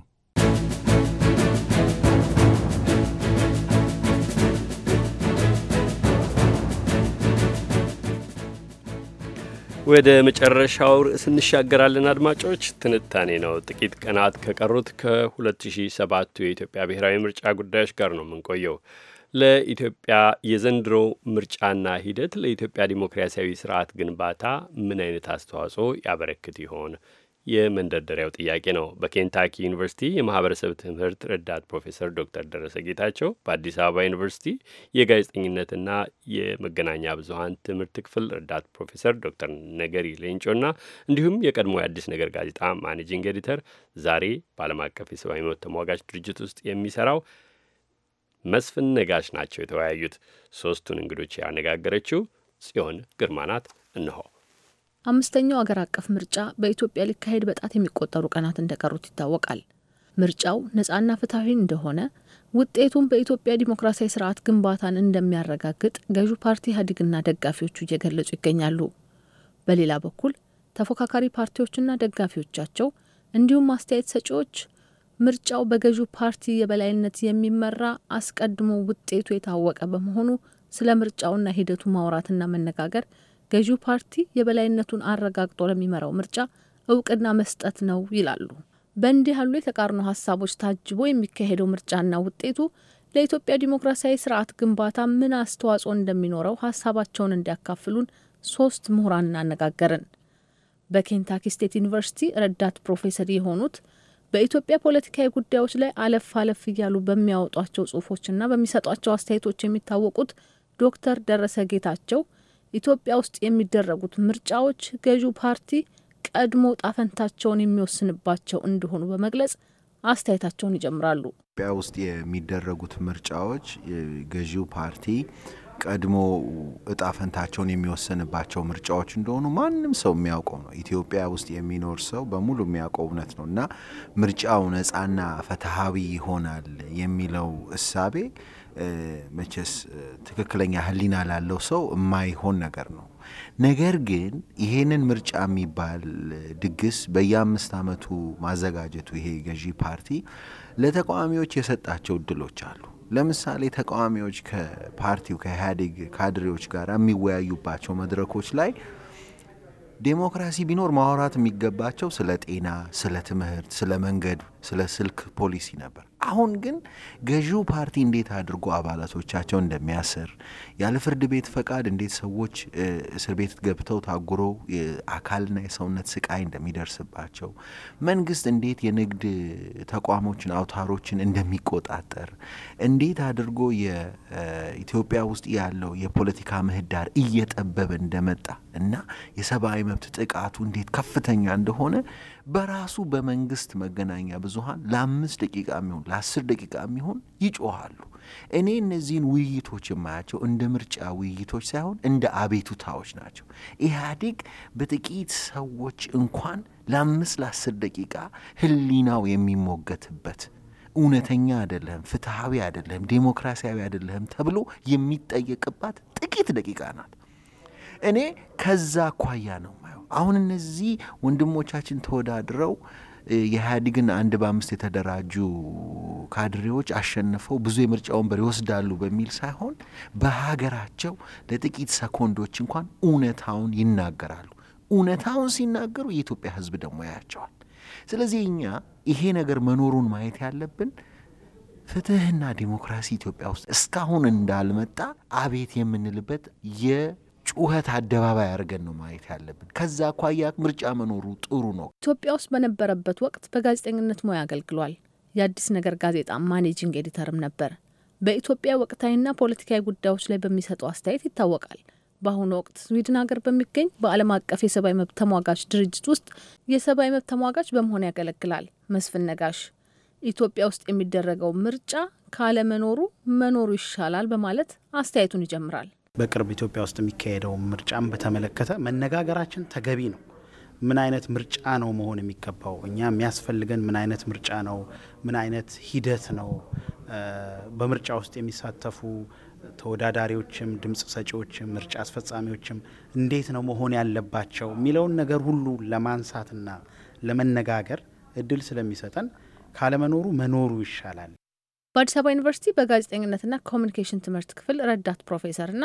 ወደ መጨረሻው ርዕስ እንሻገራለን። አድማጮች ትንታኔ ነው። ጥቂት ቀናት ከቀሩት ከ2007ቱ የኢትዮጵያ ብሔራዊ ምርጫ ጉዳዮች ጋር ነው የምንቆየው። ለኢትዮጵያ የዘንድሮ ምርጫና ሂደት ለኢትዮጵያ ዲሞክራሲያዊ ስርዓት ግንባታ ምን አይነት አስተዋጽኦ ያበረክት ይሆን? የመንደርደሪያው ጥያቄ ነው። በኬንታኪ ዩኒቨርሲቲ የማህበረሰብ ትምህርት ረዳት ፕሮፌሰር ዶክተር ደረሰ ጌታቸው በአዲስ አበባ ዩኒቨርሲቲ የጋዜጠኝነትና የመገናኛ ብዙሀን ትምህርት ክፍል ረዳት ፕሮፌሰር ዶክተር ነገሪ ሌንጮና እንዲሁም የቀድሞ የአዲስ ነገር ጋዜጣ ማኔጂንግ ኤዲተር ዛሬ በዓለም አቀፍ የሰብአዊ መብት ተሟጋች ድርጅት ውስጥ የሚሰራው መስፍን ነጋሽ ናቸው የተወያዩት። ሶስቱን እንግዶች ያነጋገረችው ጽዮን ግርማ ናት። እንሆ አምስተኛው አገር አቀፍ ምርጫ በኢትዮጵያ ሊካሄድ በጣት የሚቆጠሩ ቀናት እንደቀሩት ይታወቃል። ምርጫው ነፃና ፍትሐዊ እንደሆነ ውጤቱም በኢትዮጵያ ዲሞክራሲያዊ ስርዓት ግንባታን እንደሚያረጋግጥ ገዢ ፓርቲ ኢህአዴግና ደጋፊዎቹ እየገለጹ ይገኛሉ። በሌላ በኩል ተፎካካሪ ፓርቲዎችና ደጋፊዎቻቸው እንዲሁም አስተያየት ሰጪዎች ምርጫው በገዢው ፓርቲ የበላይነት የሚመራ አስቀድሞ ውጤቱ የታወቀ በመሆኑ ስለ ምርጫውና ሂደቱ ማውራትና መነጋገር ገዢው ፓርቲ የበላይነቱን አረጋግጦ ለሚመራው ምርጫ እውቅና መስጠት ነው ይላሉ። በእንዲህ ያሉ የተቃርኖ ሀሳቦች ታጅቦ የሚካሄደው ምርጫና ውጤቱ ለኢትዮጵያ ዲሞክራሲያዊ ስርዓት ግንባታ ምን አስተዋጽኦ እንደሚኖረው ሀሳባቸውን እንዲያካፍሉን ሶስት ምሁራን እናነጋገርን። በኬንታኪ ስቴት ዩኒቨርሲቲ ረዳት ፕሮፌሰር የሆኑት በኢትዮጵያ ፖለቲካዊ ጉዳዮች ላይ አለፍ አለፍ እያሉ በሚያወጧቸው ጽሁፎችና በሚሰጧቸው አስተያየቶች የሚታወቁት ዶክተር ደረሰ ጌታቸው ኢትዮጵያ ውስጥ የሚደረጉት ምርጫዎች ገዢው ፓርቲ ቀድሞ ጣፈንታቸውን የሚወስንባቸው እንደሆኑ በመግለጽ አስተያየታቸውን ይጀምራሉ። ኢትዮጵያ ውስጥ የሚደረጉት ምርጫዎች ገዢው ፓርቲ ቀድሞ እጣ ፈንታቸውን የሚወሰንባቸው ምርጫዎች እንደሆኑ ማንም ሰው የሚያውቀው ነው። ኢትዮጵያ ውስጥ የሚኖር ሰው በሙሉ የሚያውቀው እውነት ነው እና ምርጫው ነፃና ፍትሐዊ ይሆናል የሚለው እሳቤ መቼስ ትክክለኛ ህሊና ላለው ሰው የማይሆን ነገር ነው። ነገር ግን ይሄንን ምርጫ የሚባል ድግስ በየአምስት ዓመቱ ማዘጋጀቱ ይሄ ገዢ ፓርቲ ለተቃዋሚዎች የሰጣቸው እድሎች አሉ። ለምሳሌ ተቃዋሚዎች ከፓርቲው ከኢህአዴግ ካድሬዎች ጋር የሚወያዩባቸው መድረኮች ላይ ዴሞክራሲ ቢኖር ማውራት የሚገባቸው ስለ ጤና፣ ስለ ትምህርት፣ ስለ መንገድ ስለ ስልክ ፖሊሲ ነበር። አሁን ግን ገዢው ፓርቲ እንዴት አድርጎ አባላቶቻቸው እንደሚያስር ያለ ፍርድ ቤት ፈቃድ እንዴት ሰዎች እስር ቤት ገብተው ታጉሮ የአካልና የሰውነት ስቃይ እንደሚደርስባቸው፣ መንግስት እንዴት የንግድ ተቋሞችን አውታሮችን እንደሚቆጣጠር፣ እንዴት አድርጎ የኢትዮጵያ ውስጥ ያለው የፖለቲካ ምህዳር እየጠበበ እንደመጣ እና የሰብአዊ መብት ጥቃቱ እንዴት ከፍተኛ እንደሆነ በራሱ በመንግስት መገናኛ ብዙሀን ለአምስት ደቂቃ የሚሆን ለአስር ደቂቃ የሚሆን ይጮሃሉ። እኔ እነዚህን ውይይቶች የማያቸው እንደ ምርጫ ውይይቶች ሳይሆን እንደ አቤቱታዎች ናቸው። ኢህአዴግ በጥቂት ሰዎች እንኳን ለአምስት ለአስር ደቂቃ ህሊናው የሚሞገትበት እውነተኛ አይደለህም፣ ፍትሐዊ አይደለህም፣ ዴሞክራሲያዊ አይደለህም ተብሎ የሚጠየቅባት ጥቂት ደቂቃ ናት። እኔ ከዛ አኳያ ነው አሁን እነዚህ ወንድሞቻችን ተወዳድረው የኢህአዴግን አንድ በአምስት የተደራጁ ካድሬዎች አሸንፈው ብዙ የምርጫ ወንበር ይወስዳሉ በሚል ሳይሆን በሀገራቸው ለጥቂት ሰኮንዶች እንኳን እውነታውን ይናገራሉ። እውነታውን ሲናገሩ የኢትዮጵያ ሕዝብ ደግሞ ያያቸዋል። ስለዚህ እኛ ይሄ ነገር መኖሩን ማየት ያለብን ፍትህና ዲሞክራሲ ኢትዮጵያ ውስጥ እስካሁን እንዳልመጣ አቤት የምንልበት የ ጩኸት አደባባይ አድርገን ነው ማየት ያለብን። ከዛ አኳያ ምርጫ መኖሩ ጥሩ ነው። ኢትዮጵያ ውስጥ በነበረበት ወቅት በጋዜጠኝነት ሙያ አገልግሏል። የአዲስ ነገር ጋዜጣ ማኔጂንግ ኤዲተርም ነበር። በኢትዮጵያ ወቅታዊና ፖለቲካዊ ጉዳዮች ላይ በሚሰጠው አስተያየት ይታወቃል። በአሁኑ ወቅት ስዊድን ሀገር በሚገኝ በዓለም አቀፍ የሰብአዊ መብት ተሟጋች ድርጅት ውስጥ የሰብአዊ መብት ተሟጋች በመሆን ያገለግላል። መስፍን ነጋሽ ኢትዮጵያ ውስጥ የሚደረገው ምርጫ ካለመኖሩ መኖሩ ይሻላል በማለት አስተያየቱን ይጀምራል። በቅርብ ኢትዮጵያ ውስጥ የሚካሄደው ምርጫን በተመለከተ መነጋገራችን ተገቢ ነው። ምን አይነት ምርጫ ነው መሆን የሚገባው? እኛ የሚያስፈልገን ምን አይነት ምርጫ ነው? ምን አይነት ሂደት ነው? በምርጫ ውስጥ የሚሳተፉ ተወዳዳሪዎችም፣ ድምፅ ሰጪዎችም፣ ምርጫ አስፈጻሚዎችም እንዴት ነው መሆን ያለባቸው የሚለውን ነገር ሁሉ ለማንሳትና ለመነጋገር እድል ስለሚሰጠን ካለመኖሩ መኖሩ ይሻላል። በአዲስ አበባ ዩኒቨርሲቲ በጋዜጠኝነትና ኮሚኒኬሽን ትምህርት ክፍል ረዳት ፕሮፌሰርና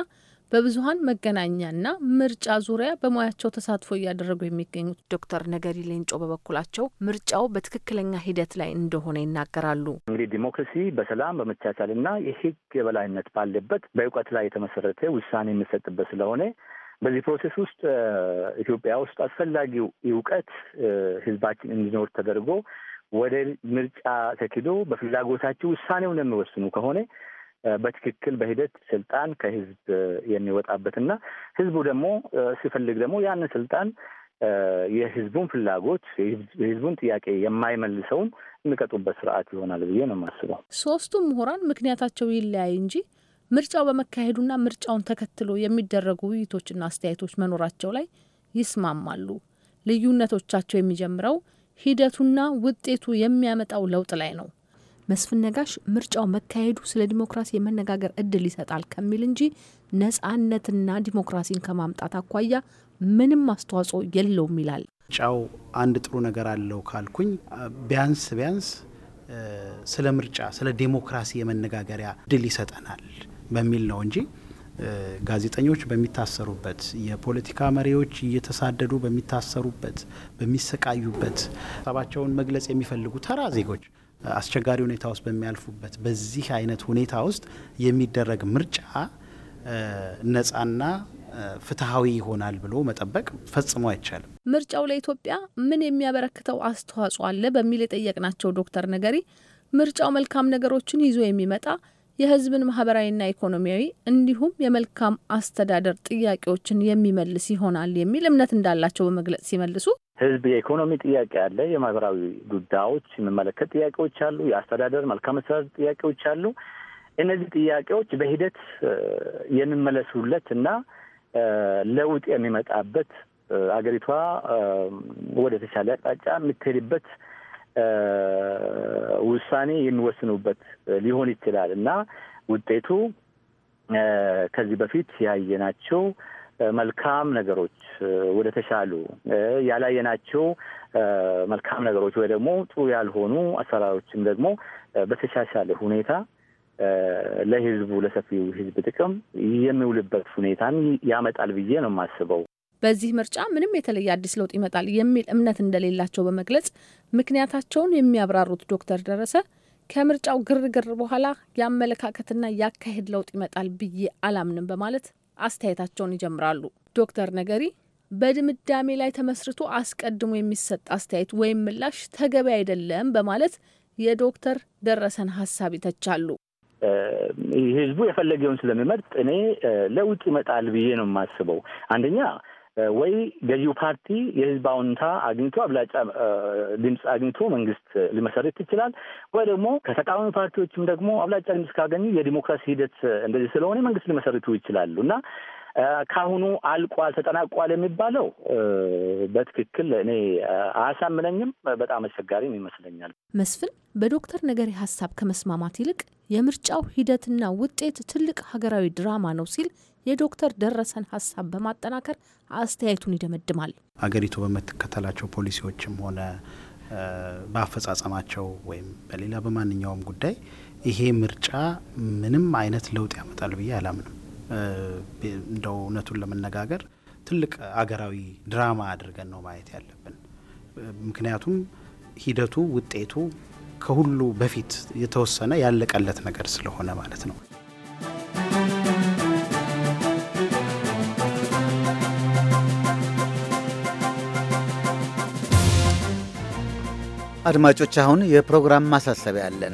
በብዙሀን መገናኛና ምርጫ ዙሪያ በሙያቸው ተሳትፎ እያደረጉ የሚገኙት ዶክተር ነገሪ ሌንጮ በበኩላቸው ምርጫው በትክክለኛ ሂደት ላይ እንደሆነ ይናገራሉ። እንግዲህ ዲሞክራሲ በሰላም በመቻቻልና የህግ የበላይነት ባለበት በእውቀት ላይ የተመሰረተ ውሳኔ የሚሰጥበት ስለሆነ በዚህ ፕሮሴስ ውስጥ ኢትዮጵያ ውስጥ አስፈላጊው እውቀት ህዝባችን እንዲኖር ተደርጎ ወደ ምርጫ ተኪዶ በፍላጎታቸው ውሳኔውን የሚወስኑ ከሆነ በትክክል በሂደት ስልጣን ከህዝብ የሚወጣበትና ህዝቡ ደግሞ ሲፈልግ ደግሞ ያንን ስልጣን የህዝቡን ፍላጎት የህዝቡን ጥያቄ የማይመልሰውን የሚቀጡበት ስርዓት ይሆናል ብዬ ነው የማስበው። ሶስቱም ምሁራን ምክንያታቸው ይለያይ እንጂ ምርጫው በመካሄዱና ምርጫውን ተከትሎ የሚደረጉ ውይይቶችና አስተያየቶች መኖራቸው ላይ ይስማማሉ። ልዩነቶቻቸው የሚጀምረው ሂደቱና ውጤቱ የሚያመጣው ለውጥ ላይ ነው። መስፍን ነጋሽ ምርጫው መካሄዱ ስለ ዲሞክራሲ የመነጋገር እድል ይሰጣል ከሚል እንጂ ነጻነትና ዲሞክራሲን ከማምጣት አኳያ ምንም አስተዋጽኦ የለውም ይላል። ምርጫው አንድ ጥሩ ነገር አለው ካልኩኝ ቢያንስ ቢያንስ ስለ ምርጫ ስለ ዴሞክራሲ የመነጋገሪያ እድል ይሰጠናል በሚል ነው እንጂ ጋዜጠኞች በሚታሰሩበት የፖለቲካ መሪዎች እየተሳደዱ በሚታሰሩበት በሚሰቃዩበት ሀሳባቸውን መግለጽ የሚፈልጉ ተራ ዜጎች አስቸጋሪ ሁኔታ ውስጥ በሚያልፉበት በዚህ አይነት ሁኔታ ውስጥ የሚደረግ ምርጫ ነጻና ፍትሐዊ ይሆናል ብሎ መጠበቅ ፈጽሞ አይቻልም። ምርጫው ለኢትዮጵያ ምን የሚያበረክተው አስተዋጽኦ አለ በሚል የጠየቅናቸው ዶክተር ነገሪ ምርጫው መልካም ነገሮችን ይዞ የሚመጣ የህዝብን ማህበራዊና ኢኮኖሚያዊ እንዲሁም የመልካም አስተዳደር ጥያቄዎችን የሚመልስ ይሆናል የሚል እምነት እንዳላቸው በመግለጽ ሲመልሱ ህዝብ የኢኮኖሚ ጥያቄ አለ፣ የማህበራዊ ጉዳዮች የሚመለከት ጥያቄዎች አሉ፣ የአስተዳደር መልካም አስተዳደር ጥያቄዎች አሉ። እነዚህ ጥያቄዎች በሂደት የሚመለሱለት እና ለውጥ የሚመጣበት አገሪቷ ወደ ተሻለ አቅጣጫ የምትሄድበት ውሳኔ የሚወስኑበት ሊሆን ይችላል እና ውጤቱ ከዚህ በፊት ያየናቸው መልካም ነገሮች ወደ ተሻሉ ያላየናቸው መልካም ነገሮች ወይ ደግሞ ጥሩ ያልሆኑ አሰራሮችም ደግሞ በተሻሻለ ሁኔታ ለሕዝቡ ለሰፊው ሕዝብ ጥቅም የሚውልበት ሁኔታን ያመጣል ብዬ ነው የማስበው። በዚህ ምርጫ ምንም የተለየ አዲስ ለውጥ ይመጣል የሚል እምነት እንደሌላቸው በመግለጽ ምክንያታቸውን የሚያብራሩት ዶክተር ደረሰ ከምርጫው ግርግር በኋላ የአመለካከትና ያካሄድ ለውጥ ይመጣል ብዬ አላምንም በማለት አስተያየታቸውን ይጀምራሉ። ዶክተር ነገሪ በድምዳሜ ላይ ተመስርቶ አስቀድሞ የሚሰጥ አስተያየት ወይም ምላሽ ተገቢ አይደለም በማለት የዶክተር ደረሰን ሀሳብ ይተቻሉ። ህዝቡ የፈለገውን ስለሚመርጥ እኔ ለውጥ ይመጣል ብዬ ነው የማስበው። አንደኛ ወይ ገዢው ፓርቲ የህዝብ አውንታ አግኝቶ አብላጫ ድምፅ አግኝቶ መንግስት ሊመሰርት ይችላል። ወይ ደግሞ ከተቃዋሚ ፓርቲዎችም ደግሞ አብላጫ ድምፅ ካገኙ የዲሞክራሲ ሂደት እንደዚህ ስለሆነ መንግስት ሊመሰርቱ ይችላሉ እና ካሁኑ አልቋል ተጠናቋል የሚባለው በትክክል እኔ አያሳምነኝም። በጣም አስቸጋሪም ይመስለኛል። መስፍን በዶክተር ነገሪ ሀሳብ ከመስማማት ይልቅ የምርጫው ሂደትና ውጤት ትልቅ ሀገራዊ ድራማ ነው ሲል የዶክተር ደረሰን ሀሳብ በማጠናከር አስተያየቱን ይደመድማል። ሀገሪቱ በምትከተላቸው ፖሊሲዎችም ሆነ በአፈጻጸማቸው ወይም በሌላ በማንኛውም ጉዳይ ይሄ ምርጫ ምንም አይነት ለውጥ ያመጣል ብዬ አላምንም። እንደው እውነቱን ለመነጋገር ትልቅ አገራዊ ድራማ አድርገን ነው ማየት ያለብን። ምክንያቱም ሂደቱ ውጤቱ ከሁሉ በፊት የተወሰነ ያለቀለት ነገር ስለሆነ ማለት ነው። አድማጮች፣ አሁን የፕሮግራም ማሳሰቢያ አለን።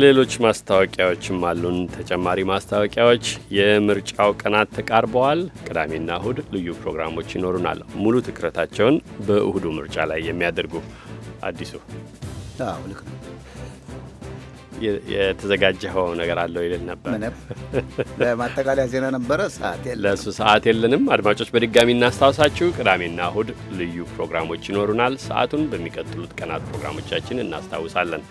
ሌሎች ማስታወቂያዎችም አሉን። ተጨማሪ ማስታወቂያዎች። የምርጫው ቀናት ተቃርበዋል። ቅዳሜና እሁድ ልዩ ፕሮግራሞች ይኖሩናል። ሙሉ ትኩረታቸውን በእሁዱ ምርጫ ላይ የሚያደርጉ አዲሱ ልክ የተዘጋጀኸው ነገር አለው ይልል ነበር። ለማጠቃለያ ዜና ነበረ። ሰዓት ለእሱ ሰዓት የለንም። አድማጮች በድጋሚ እናስታውሳችሁ ቅዳሜና እሁድ ልዩ ፕሮግራሞች ይኖሩናል። ሰዓቱን በሚቀጥሉት ቀናት ፕሮግራሞቻችን እናስታውሳለን።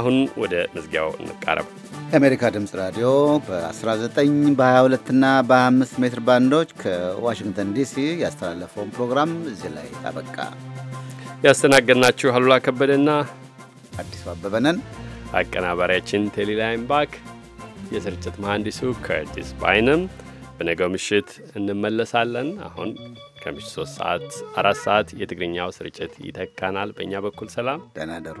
አሁን ወደ መዝጊያው እንቃረብ። የአሜሪካ ድምፅ ራዲዮ በ19 በ22ና በ25 ሜትር ባንዶች ከዋሽንግተን ዲሲ ያስተላለፈውን ፕሮግራም እዚህ ላይ አበቃ። ያስተናገድናችሁ አሉላ ከበደና አዲሱ አበበነን፣ አቀናባሪያችን ቴሌላይም ባክ፣ የስርጭት መሐንዲሱ ከርቲስ ባይንም። በነገው ምሽት እንመለሳለን። አሁን ከምሽት 3 ሰዓት 4 ሰዓት የትግርኛው ስርጭት ይተካናል። በእኛ በኩል ሰላም፣ ደህና ደሩ።